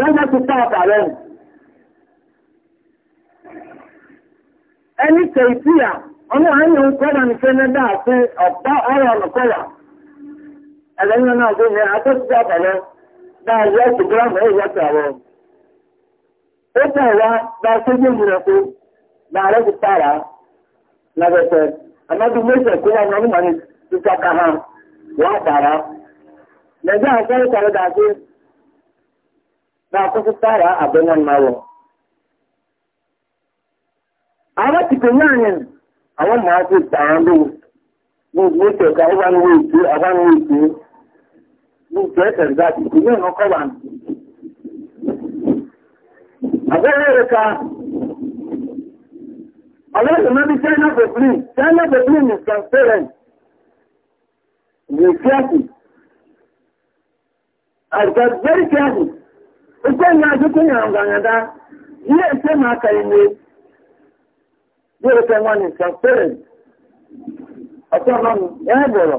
lọ́jọ́ ti tán ọkà ẹni tẹ̀ ìtìyà ọmọ àyìn òun kọ́ra ní sẹ́nẹ́dà àti ọ̀pá ọ̀rọ̀ ọ̀nàkọ́yà ẹlẹ́yìn náà tó ní akẹ́kọ̀ọ́ ọkà rẹ̀ náà yẹ ti gírámù ẹ̀yẹ ti àwọ̀. ó tẹ̀ wá bá ti tààrà méjì ní ti hàn wọ́n tààrà. nàìjíríà na akwụkwọ tara mmanwụ abatiku nwaanyị àwọn ụmụazị tara ndị n'ụzọ ka agbanwe ito agbanwe ike n'ụzọ esere zati kunye n'ọkọba abụghị ka ọlọ́dún mẹ́bí china bẹ̀bílì china bẹ̀bílì is transparent be careful i got very Ike na ajụkwu nyara nganyada, ihe ise ma aka ime, dị ike nwanyị transparent, autonomy, ya bụrụ.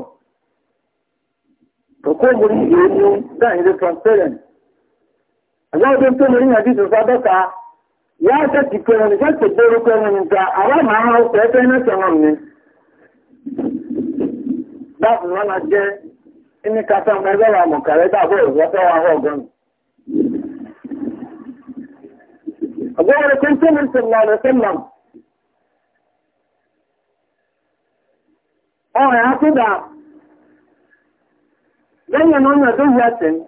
Okwu ogburu ihe elu, danyere transparent. Ọjọ́ ọdún tó lórí ìyàjú ìṣòfà dọ́ka, ya ṣe ti gbóró àwọn wọn jẹ́, ẹni ọmọ ẹgbẹ́ wa mọ̀kàrẹ́ wa أقول كنت من صلى الله عليه وسلم أو آه، يا كده لن ينون دولة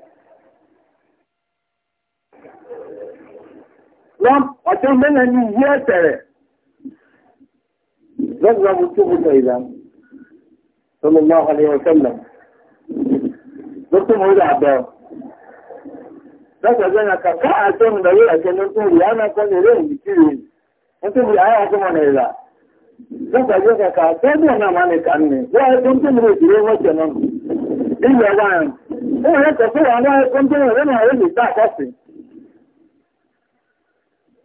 لم أتمنى أن يأتر ذكر مكتوب إذا صلى الله عليه وسلم دكتور مولى عباس Zaka zana ka ka a can da yi a can nan turi ana kan da rai jiki ne. Mutum ya aya kuma ne la. Zaka zana ka ta da na ma ne kan ne. Ya yi tun tun da yi wacce nan. Ina ya bayan. Ina ya tafi wa na kun da yana yi ta kwasi.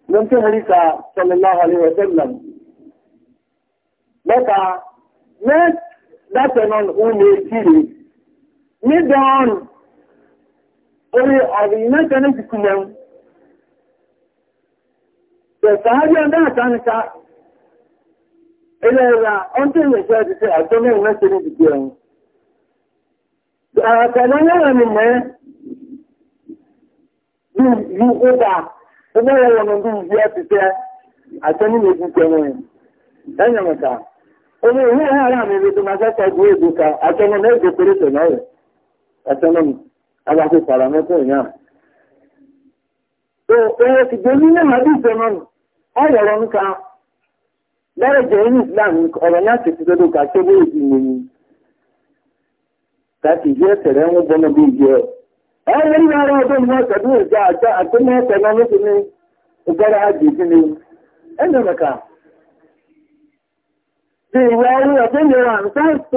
Don tun orí ọ̀rọ̀ bụ ní jùkú lẹ́un ṣẹ̀sáájú ọdá àtànìká ilẹ̀ ẹ̀rà ọdún ìrìnṣẹ́ ti ṣe àjọ mẹ́rin mẹ́ta ní jùkú lẹ́un àtàlẹ́ yẹ́rẹ̀ mi mẹ́ yú ó dà ẹgbẹ́ ẹ̀rọ mi bí ìyẹ́ ẹ̀ ti tẹ́ àjọ nínú ojú jẹun ẹ̀yìn mẹ́ta orí aláṣẹ sàràmọ́tò yàn. tó Ee! ti gbé nínú láti ti dodo ká bọ́nà bí ìjọ ẹ̀. ẹ wọ́n ara ọdún mọ́ ṣẹ́dú ìjà àjọ àtúmọ̀ ẹ̀sẹ̀ náà ló ní ìgbára àjò sí ni. ẹ nà mẹ́ka. ti ìwé ọrú ọ̀tún ìlera àǹtá ìtú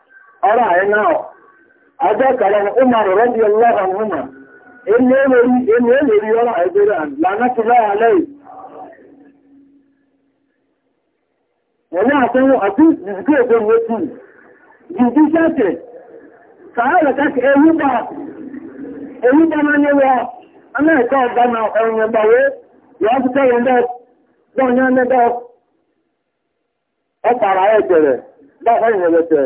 ọ ọ̀rọ̀ àyẹ̀nà ọ̀ àjọkàlẹ̀ umar enyi ọlọ́run ọmọ èmi èlérí ọ̀rọ̀ àìbẹ̀rẹ̀ lànà ti láyà lẹ́yìn wọ́n ní àtẹ́wọ̀n àti ìdíkẹ́ èdè mẹ́tù ìdí sẹ́tẹ̀ sàárẹ̀ káàkì ewúgbà ewúgbà máa ní wọ amẹ́ẹ̀kọ́ ọ̀gbàna ọ̀rùn ẹgbàwé ya ti tẹ́rẹ̀ ń bẹ́ẹ̀ ọ̀pàrà ẹ̀jẹ̀rẹ̀ bá ọ̀rùn ẹgbẹ̀tẹ̀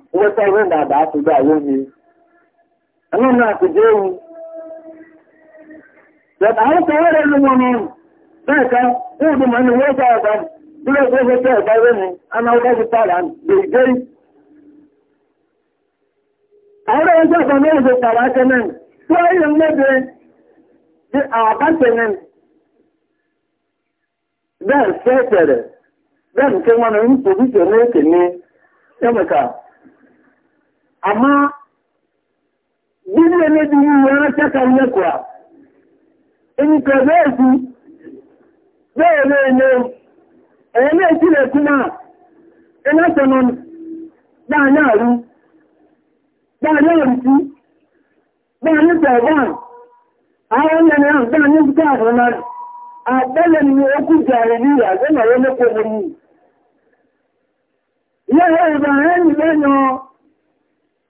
nweta ihe na-ada atụgo ahụ ohi ana m na ewu àwọn kan wẹ́rẹ̀ ní wọn mọ́rún bẹ́ẹ̀ kan wọ́n dùn mọ́ni wọ́n sọ ọ̀gá bí ó gbé ọ̀gá rẹ̀ ni anáwọ́gá ti tààrà gbègbèrí àwọn ẹgbẹ́ ọ̀gá mẹ́rin ti tààrà kẹ́mẹ́rin tí wọ́n yẹ mẹ́bẹ̀ tí àwàkátẹ̀mẹ́rin bẹ́ẹ̀ fẹ́ tẹ̀rẹ̀ bẹ́ẹ̀ kí amma gbogbo da na biyu ya saka na ezi. in ka zai na a yana kuma ina saman da yaru da a wannan yan da ni a ɗalan ne ya ku jaririya zama wani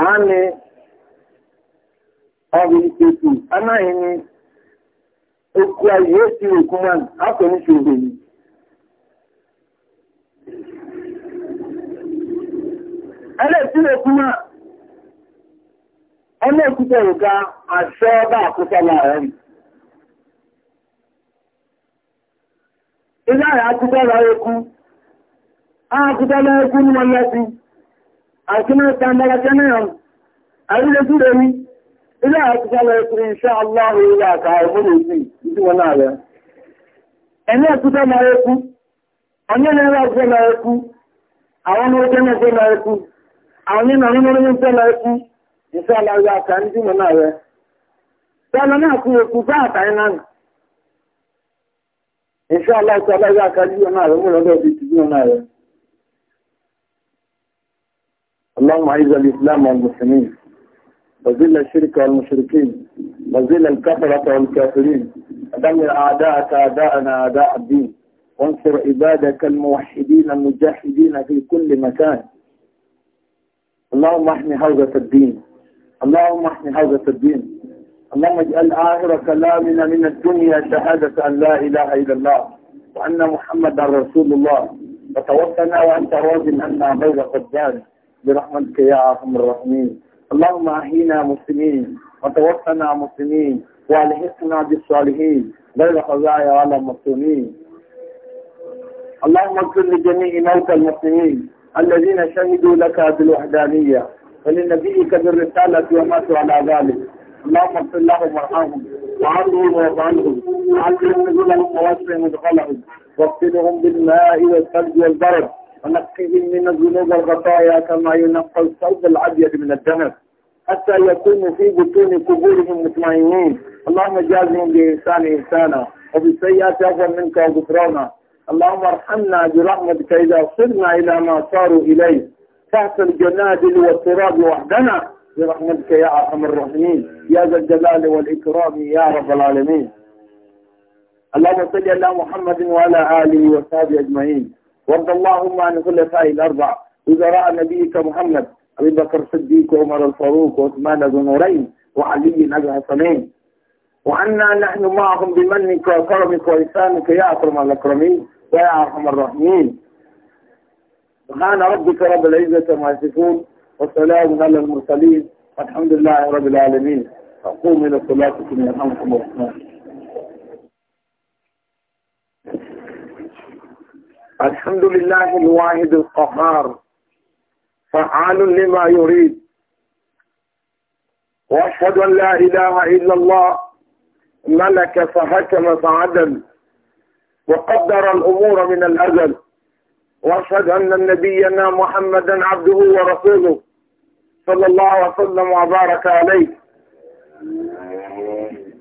àánì ọ̀rìn ètò anáyìn ni okú ayé sí òkú náà ápò ní ṣòro yìí. ẹlẹ́sìn òkú náà ọmọ òkúta òga àṣọ ọba àkókò láàárín. ilé àyà akúta lọ ekú. àwọn akúta lọ wọ́n lẹ́sìn. àti máa ta mọ́ra kẹ́nìyàn àrílẹ́jú rẹ̀ ní ilé àti sálọ ẹkùnrin insha Allah ilé àkà ìbúrò sí ìdí wọn náà rẹ̀ ẹni ẹkùtọ́ máa na ọ̀nyẹ́ ní ẹlá ọ̀fẹ́ máa ẹkú àwọn ọmọ ọjọ́ náà fẹ́ máa اللهم اعز الإسلام والمسلمين وزل الشرك والمشركين وزل الكفرة والكافرين ودمر أعداءك أعداءنا أعداء الدين وانصر عبادك الموحدين المجاهدين في كل مكان اللهم احمي حوزة الدين اللهم احمي حوزة الدين اللهم اجعل آخر كلامنا من الدنيا شهادة أن لا إله إلا الله وأن محمدا رسول الله وتوفنا وأنت راض عنا غير قدامك برحمتك يا ارحم الراحمين اللهم احينا مسلمين وتوفنا مسلمين والحقنا بالصالحين غير خزايا على مفتونين اللهم اغفر لجميع موتى المسلمين الذين شهدوا لك بالوحدانية ولنبيك بالرسالة وماتوا على ذلك اللهم اغفر لهم وارحمهم وعافهم واعف عنهم وعافهم نزلهم ووسع واغسلهم بالماء والثلج والبرد ونقهم من الذنوب والخطايا كما ينقى الثوب الابيض من الدنس حتى يكونوا في بطون قبورهم مطمئنين اللهم جازهم بإنسان إنسانا وبالسيئات اجر منك وذكرانا اللهم ارحمنا برحمتك إذا صرنا إلى ما صاروا إليه تحت الجنادل والتراب وحدنا برحمتك يا أرحم الراحمين يا ذا الجلال والإكرام يا رب العالمين اللهم صل على محمد وعلى آله وصحبه أجمعين وارض اللهم عن الخلفاء الأربع وزراء نبيك محمد أبي بكر الصديق وعمر الفاروق وعثمان ذو نورين وعلي أبي حسنين وعنا نحن معهم بمنك وكرمك وإحسانك يا أكرم الأكرمين ويا أرحم الراحمين سبحان ربك رب العزة ما يصفون والسلام على المرسلين والحمد لله رب العالمين أقوم إلى صلاتكم يرحمكم الله الحمد لله الواحد القهار فعال لما يريد واشهد ان لا اله الا الله ملك فحكم فعدل وقدر الامور من الازل واشهد ان نبينا محمدا عبده ورسوله صلى الله وسلم وبارك عليه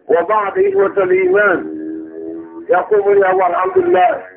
وبعد اخوه الايمان يقول يا الحمد لله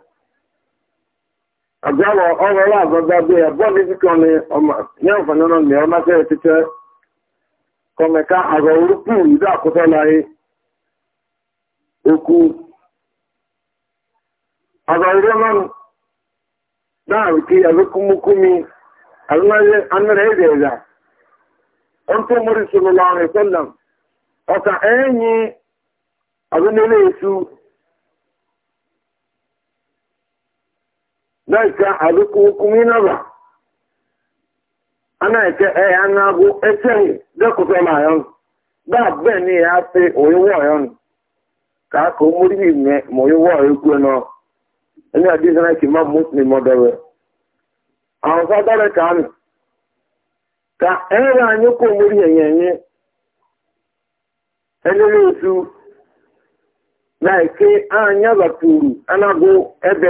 àgbàwọ̀ ọ̀rọ̀ láàgọ́gbà bí ẹ̀bọ́ mi kíkan ni yẹn fọ̀nà náà mi ọmọ fẹ́ títẹ́ kọmẹ̀ká àrọ̀ orúkú ìdá àkọ́tọ́ láyé okú àrọ̀ orúkú náà dáàrí kí àríkúmúkúmi àrímáyé anúrẹ̀ èdè ọrụ ọ̀n tó mọ́rí sọ̀rọ̀ láàrin dọka agụkọ ụkwụ minọba a na-eke ee a na-agụ echeghị dọkụta ma ya dábẹ́ ni a pe òyìnwó ọ̀yọ́ ka ẹ̀rọ anyị kó mórí ẹ̀yẹ̀ ẹ̀yẹ ẹni ní oṣù náà ebe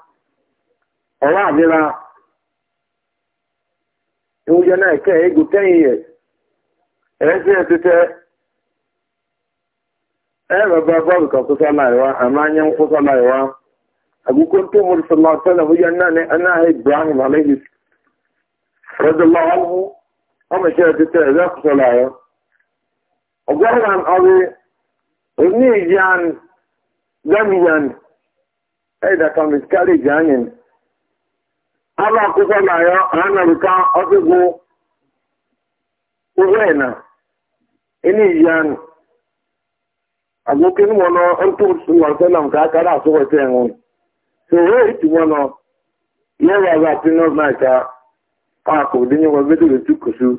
ọ̀rọ̀ àmìra ìwúyẹ na-eke egò kẹ́yìn yẹ ẹ̀ẹ́sìn ẹ̀tẹ́tẹ́ ẹ̀rọ bá bọ́ọ̀lù kan kó na ìwá àmà anyẹ́ kó sọ́lá ìwá ibrahim ọnụ ọkụkọ na ya anarịka ọkụkụ uwena enijianu na mono antum sallallahu alaihi wasallam ka kada so wata yan so we ti mono ye wa ga tino na ka a ko dinyo tukusu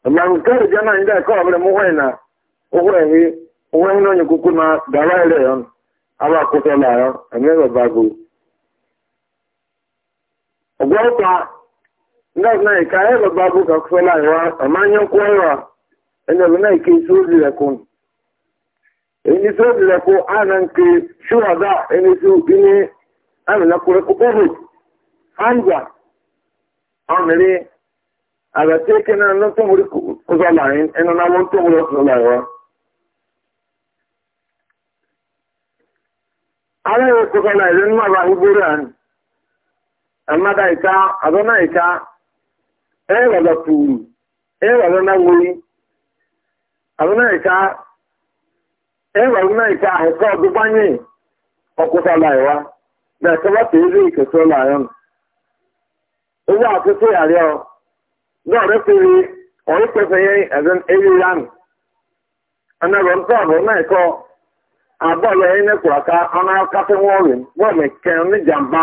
ndị ehi na aba ọgwọkwa ndọba na-eka ya baba bụ ka kwela ịwa amanye nkwụ ịwa na-eke isi ozi lekụ enyi isi ozi lekụ na nke shuhada enesi ini amịnakwụrụ kụkụbụ hanja ọmịrị àgbàtí eke anyị na anyị. amada ika adona ika ewala puru ewala na wuri adona ika na ika ahụka ọkụtala iwa na ekewata ezi ikesola ayon ụgbọ akụkụ yarịọ siri pere ọrịkwefenye ezin eriri anụ anagọ ntọ abụ na ịkọ abọọlụ enye kwuru aka ọnụ akasị nwa ndị jamba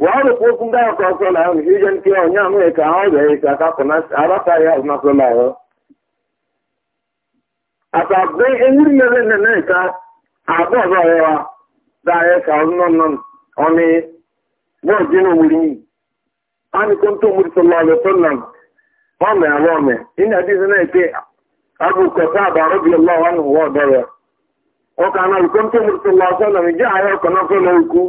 wàhálà kó kún dáhùn kan sọ làwọn ìṣèjọ ní kí ọ̀nyá àwọn ẹ̀ka àwọn ọ̀dọ̀ ẹ̀ka kakọ̀ náà aráta yà ọ̀nà sọ làwọn. àtàgbé ewúrẹ́ mẹ́rin nẹ̀nẹ́ ẹ̀ka àbọ̀ na ọ̀rẹ́ wa dáhùn na a ní kóńtó òmùrí sọ lọ́ọ̀lẹ̀ sọ́nà na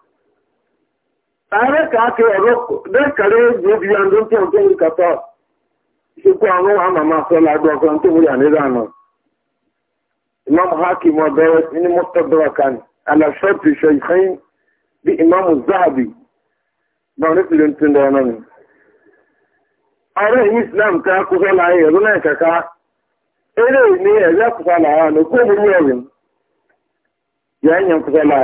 ààrẹ ka ọ̀rọ̀ dẹ́kẹ̀rẹ́ gbòógì àndó nke ń tó ń kàtà ṣekú àwọn àmàmà fẹ́lá gbọ́ ọ̀kan tó ya nílẹ̀ anọ. imam hakim ọ̀bẹ̀rẹ̀ ní mọ́tàbọ̀rọ̀ kan alasọ́ọ̀tì ṣẹ̀yìn bí imam zahabi ni. islam ya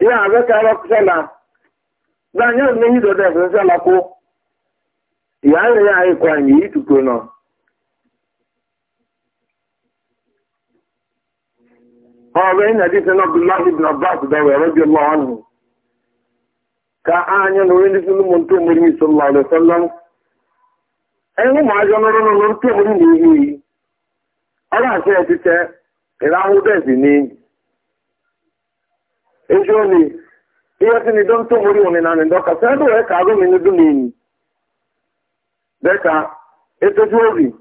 ihe abekara sela na anya ọdụ n'ihi dọta efe sela kwụ ya anyị ya anyị kwa anyị ituko nọ ọrụ ị na-edite na abdullahi ibn abbas dọwa ọnụ ka anya na onye ndị ụmụ ntụ omori ntụ na ihe iyi ọ ga-asị etite ịrahụ ejoni iya tini don to mori woni na ndo ka sando e ka go minu du nini deka eto jori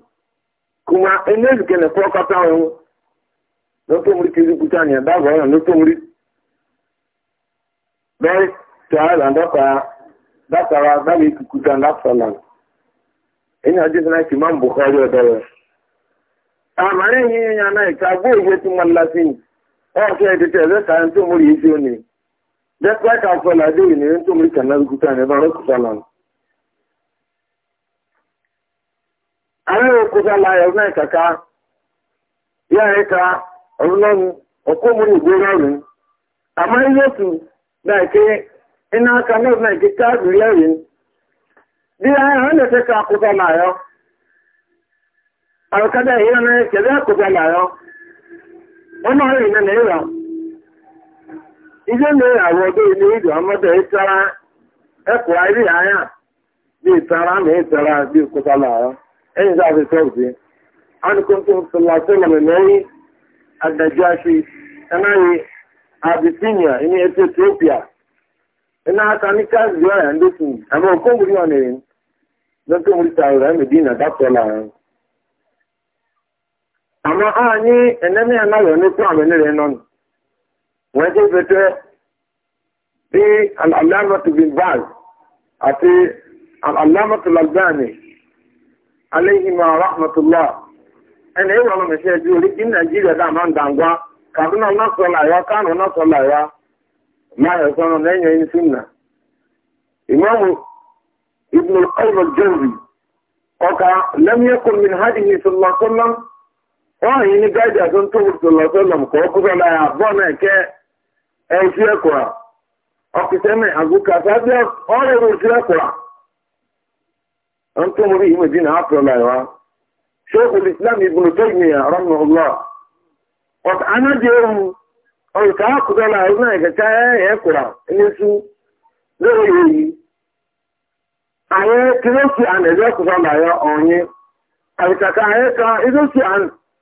kuma enelu kene ko ka ta o no to mori ki ku tani da go no to mori be ta la ndo ka da ka wa da mi ku ta na sala ina je na ki mam bukhari da wa ọ̀sẹ̀ ìdíjẹ́ ẹ̀lẹ́ta ẹni tó múrí ìṣẹ́ òní despite àfọlá dé ìní ẹni tó múrí kànáà rúkúta ní ẹbára kùsàlà àwọn òkúsàlà ẹ̀rọ ìkàkà yá ẹ̀ka ọ̀rọ̀lọ́nu ọ̀kọ́ múrí ìgbóná rẹ̀ àmọ́ ilé na náà ké iná aka ẹmọ rẹ̀ ìnà lẹ́yà ilé ní àwọn ọdọ́ ilé ìlú ọmọdé ìtara ẹkùn ayé àyà bí ìtara àmì ìtara bí òkúta làárọ̀ ẹ̀yìn sáà fi sọ́ọ̀ sí anìkóńtó sọlọ́sọ́lọ́ mẹ́lẹ́yìn adájọ́sí ẹnáyé abisinia ní etí ethiopia ẹná aka káàdì ọ̀yà ndókùn àmọ́ wọn nìyẹn àmọ́ a ní ẹ̀lẹ́mí aláwọ̀ ní fún àmì nílẹ̀ náà wọ́n tí fẹ́tẹ́ bí aláàmọ́tù bin baz àti aláàmọ́tù lalbani aléhìmọ̀ rahmatullah ẹni ìwọ̀n lọ́mọ̀ sí ẹjú orí kí nàìjíríà dá máa ń dàngbá kàdúnà náà sọ láyá kánù náà sọ láyá láyẹ̀ sọ́nà lẹ́yìn ẹni súnà ìmọ̀mù ibn nwaanyị ndị gaji atụ ntụbụtụlọtụlọm ka ọkụzọla ya abụọ na-eke ezi ekwura ọkụtene agụkasa dị ọrịrụ ezi ekwura ntụmụrụ ihe dị na apụla ya shekul islam ibn taymiya rahimahullah ọka anya dị ewu ọrụ ka akụzọla ya na-ekecha ya ekwura n'esu lere ya eyi anyị kiri otu a na-eze ya onye anyị anyị ka izosi anyị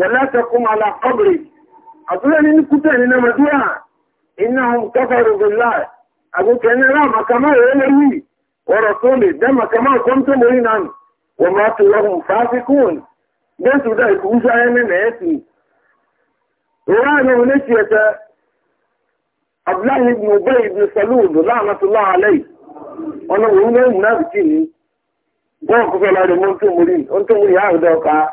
ولا تقم على قبري أقول أن كتن إنما دعا إنهم كفروا بالله أقول كأن ما كما يلي ورسولي دم كما كنتم هنا وما لهم فاسقون بس ده كوشا من أسي وأنا ونشية عبد الله بن أبي بن سلول لعنة الله عليه أنا وأنا منافقين بوقف على المنتمرين أنتم يا أهدوكا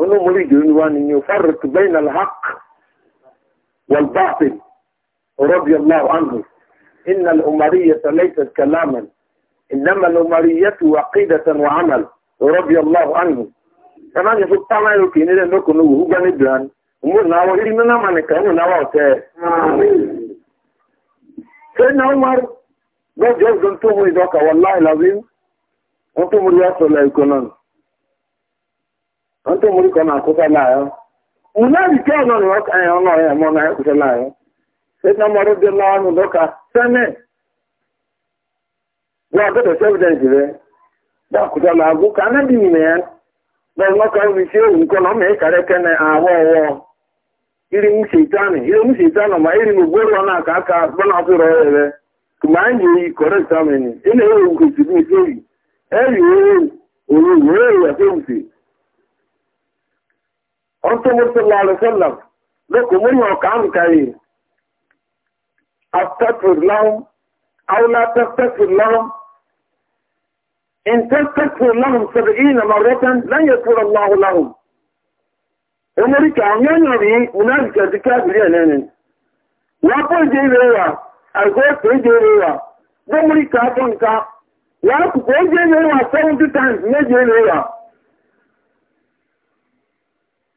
أنا مريد عنوان أن يفرق بين الحق والباطل رضي الله عنه إن الأمرية ليست كلاما إنما الأمرية عقيدة وعمل رضي الله عنه كمان يفوت طبعا يمكن إذا نكون هو جانبان ومنا وإلنا ما نكون نواة سيدنا عمر لو جوز أنتم إذا والله العظيم أنتم رياض الله يكونون wọ́n tó múrí kan àkókò láàárọ̀. mo lẹ́rìí kí ọ̀nà ni ya ẹ̀ mọ́ náà kókò láàárọ̀. ṣéṣe ọmọdé dé láwọn lọ́ka sẹ́nẹ̀. wọ́n àgbẹ̀tọ̀ sẹ́fìdẹ̀ǹsì rẹ̀ akụta kókò láàgó ká náà bí nìyẹn. bẹ́ẹ̀ iri na ṣe ìtánì iri ń ṣe ìtánì ọmọ iri ń gbóró ọ̀nà aka gbọ́nà fúnra rẹ̀ Rasulullah sallallahu alaihi wasallam lókè múrí ọ̀kà ń kàrí. Àtẹ́fìr láhùn, àwùlá tẹ́fìr láhùn. إن تستغفر لهم سبعين مرة لن يغفر الله أمريكا عميان ربي منافقة كافرين wọ́n pọ̀ jẹ́ ilẹ̀ wà àgbẹ́ẹ̀kọ́ jẹ́ ilẹ̀ wà gbọ́mùrí kàápọ̀ wọ́n kò jẹ́ ilẹ̀ wà 70 times méje ilẹ̀ wà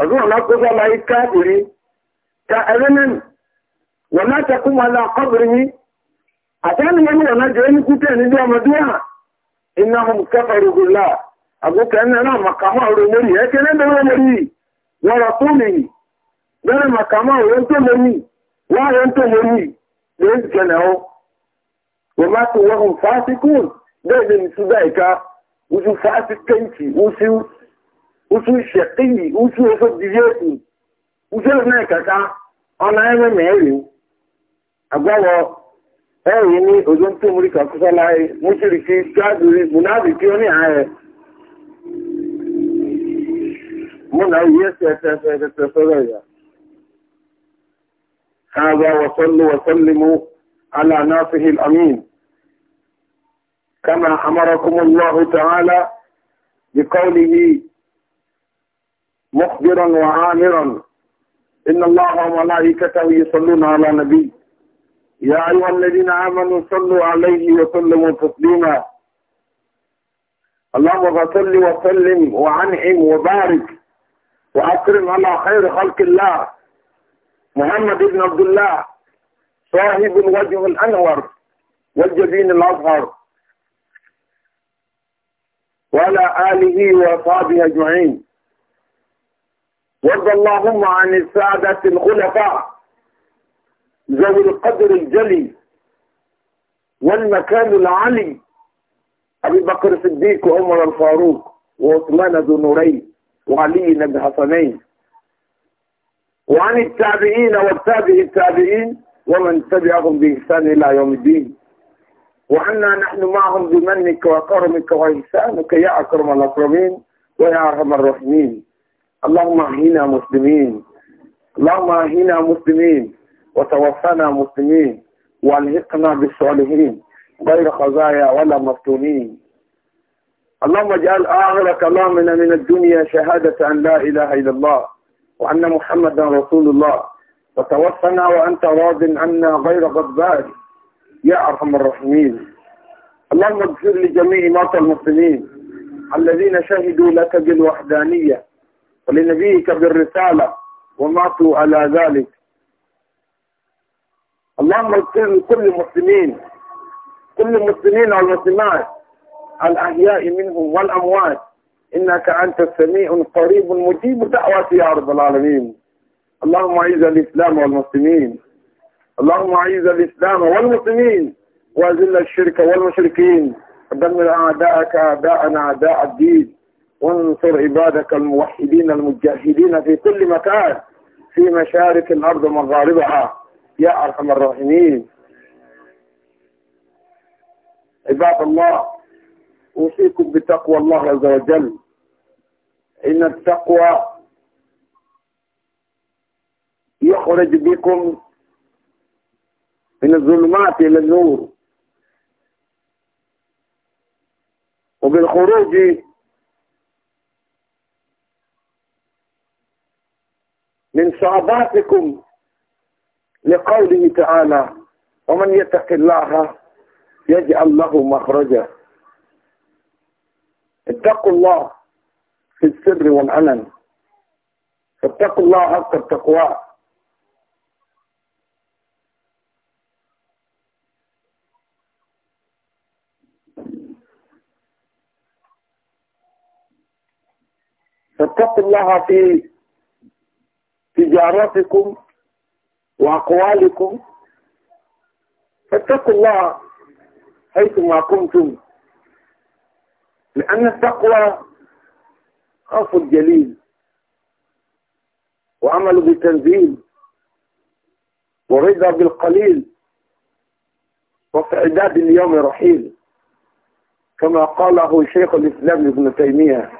أظن نقض على الكافر كأذن وما تقوم على قبره أتاني يعني وما جئني كتاني دي أمدوها إنهم كفروا بالله أقول كأننا مقامه رمري هكذا دلو مري ورسوله دلو مقامه ينتو مري وينتو مري لين كانوا وما كلهم فاسقون دلو نسودائك وجو فاسق كنتي وسيوت usu shaqi usu ofe diyeku usu na kaka ọna ẹwẹ mẹri agbawo ẹyẹ ni ozo tó múri kakusa láyé mọ́ṣírí fi jáde múnáàbì tí ó ní ààrẹ múnà yíyẹ sẹ́ẹ̀sẹ́ẹ̀sẹ́ sọ́rọ̀ ìyá هذا وصلوا وسلموا على ناصه الأمين كما أمركم الله تعالى بقوله مخبرا وعامرا إن الله وملائكته يصلون على نبي يا أيها الذين آمنوا صلوا عليه وسلموا تسليما اللهم صل وسلم وعنعم وبارك وأكرم على خير خلق الله محمد بن عبد الله صاحب الوجه الأنور والجبين الأظهر وعلى آله وأصحابه أجمعين وارض اللهم عن السادة الخلفاء ذوي القدر الجلي والمكان العلي أبي بكر الصديق وعمر الفاروق وعثمان ذو نورين وعلي بن حسنين وعن التابعين والتابع التابعين ومن تبعهم بإحسان إلى يوم الدين وعنا نحن معهم بمنك وكرمك وإحسانك يا أكرم الأكرمين ويا أرحم الراحمين اللهم اهينا مسلمين اللهم اهينا مسلمين وتوفنا مسلمين والحقنا بالصالحين غير خزايا ولا مفتونين اللهم اجعل آخر كلامنا من الدنيا شهادة أن لا إله إلا الله وأن محمدا رسول الله وتوفنا وأنت راض عنا غير غضبان يا أرحم الراحمين اللهم اغفر لجميع موتى المسلمين الذين شهدوا لك بالوحدانية ولنبيك بالرسالة وماتوا على ذلك اللهم اغفر لكل المسلمين كل المسلمين والمسلمات الأحياء منهم والأموات إنك أنت السميع القريب المجيب دعوات يا رب العالمين اللهم أعز الإسلام والمسلمين اللهم أعز الإسلام والمسلمين وأذل الشرك والمشركين ودمر أعداءك أعداءنا أعداء الدين وانصر عبادك الموحدين المجاهدين في كل مكان في مشارق الأرض ومغاربها يا أرحم الراحمين عباد الله أوصيكم بتقوى الله عز وجل إن التقوى يخرج بكم من الظلمات إلى النور وبالخروج من صعباتكم لقوله تعالى ومن يتق الله يجعل له مخرجا اتقوا الله في السر والعلن اتقوا الله حق التقوى اتقوا الله في تجارتكم وأقوالكم فاتقوا الله حيثما كنتم لأن التقوى خوف الجليل وعمل بالتنزيل ورضا بالقليل واستعداد اليوم رحيل كما قاله شيخ الإسلام ابن تيمية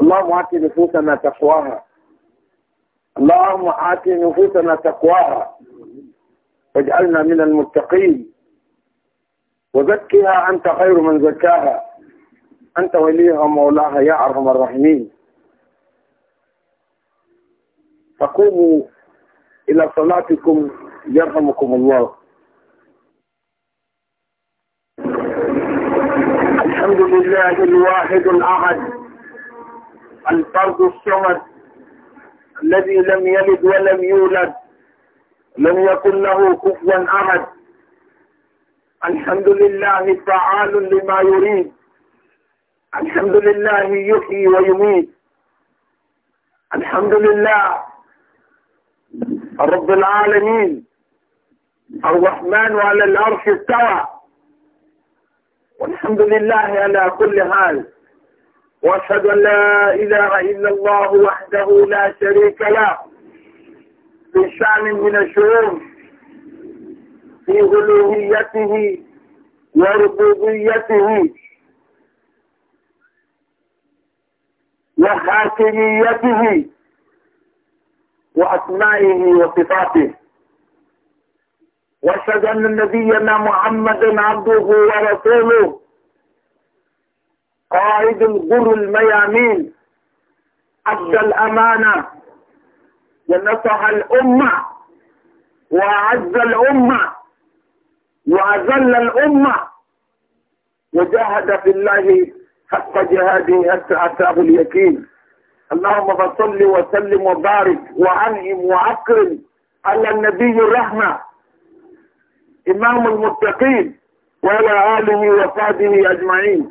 اللهم آت نفوسنا تقواها اللهم آت نفوسنا تقواها واجعلنا من المتقين وزكها أنت خير من زكاها أنت وليها مولاها يا أرحم الراحمين فقوموا إلى صلاتكم يرحمكم الله الحمد لله الواحد الأحد الفرد الصمد الذي لم يلد ولم يولد لم يكن له كفوا أحد الحمد لله فعال لما يريد الحمد لله يحيي ويميت الحمد لله رب العالمين الرحمن على الأرش استوى والحمد لله على كل حال وأشهد أن لا إله إلا الله وحده لا شريك له في شأن من الشؤون في ألوهيته وربوبيته وحاكميته وأسمائه وصفاته وأشهد أن نبينا محمدا عبده ورسوله قائد الغر الميامين أدى الأمانة ونصح الأمة وأعز الأمة وأذل الأمة وجاهد في الله حق جهاده حتى أتاه اليقين اللهم فصل وسلم وبارك وأنعم وأكرم على النبي الرحمة إمام المتقين وعلى آله وصحبه أجمعين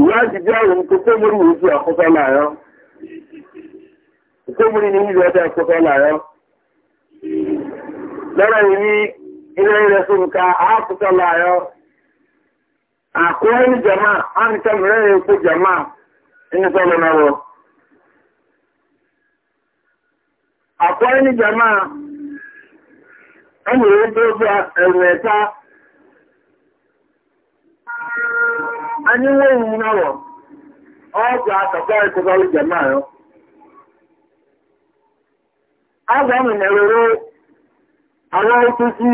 uwe ajụjụ ahụ nke okpomori wuzu akwụkwọ na ya na izu ọdị akwụkwọ na ya lọ́rọ̀ yìí ní ilé rẹ̀ ní jama ánìkà mìíràn jama ní sọ́lọ́ náà wọ́ jama a enweta. anyị nweghị narọ ọ ga-akakwa ịkụzọrọ njem ahụ agwa m na-ewere arụ osisi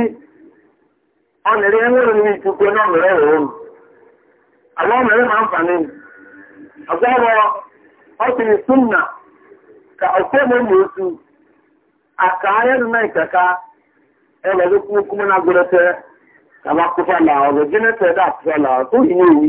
ọ nere enwere m ikuku na ọmere ọhụrụ agwa mere ma agwa m ọ sịrị sunna ka ọkwe m na otu aka ahịa na ewere na ka ma gịnị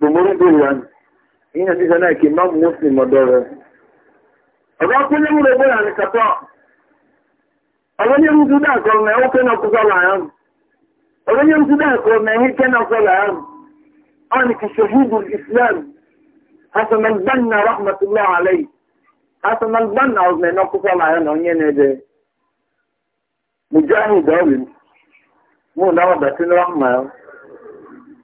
gbòmórí bèrè àná èyí náà sísan náà kì í má mú muslim ọ̀dọ́ rẹ̀. na kúnlẹ̀ wúlò bóyá ní kàtọ́ ọ̀gá na irú súdà kọ́ ọ̀nà ẹ̀wọ́ kẹ́nà kú sọ́là yẹn ndị ní irú súdà kọ́ ọ̀nà ẹ̀hí kẹ́nà sọ́là hasan na rahma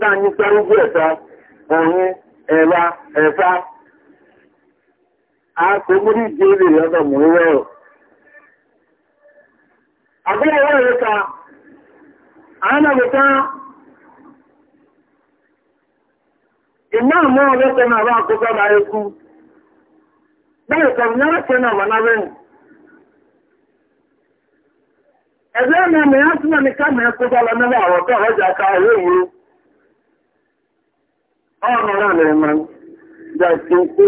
naanị kpara ugwu eta onye ẹ̀wà ẹ̀fà akọmúrí ìdíèrè lọ́dọ̀ mú ẹ̀rọ àbúrò wọ́n rẹ̀ ka àánàbùká ìmáàmù ọlọ́pẹ́ náà bá bá bẹ́ẹ̀ kọ̀ ẹgbẹ́ ọmọ mẹ́rin tí wọ́n ni ká mẹ́rin lọ mẹ́rin àwọ̀tọ́ ọjà ká ìwúrú ọ̀rọ̀ náà lè mọ̀ dàtí ó kú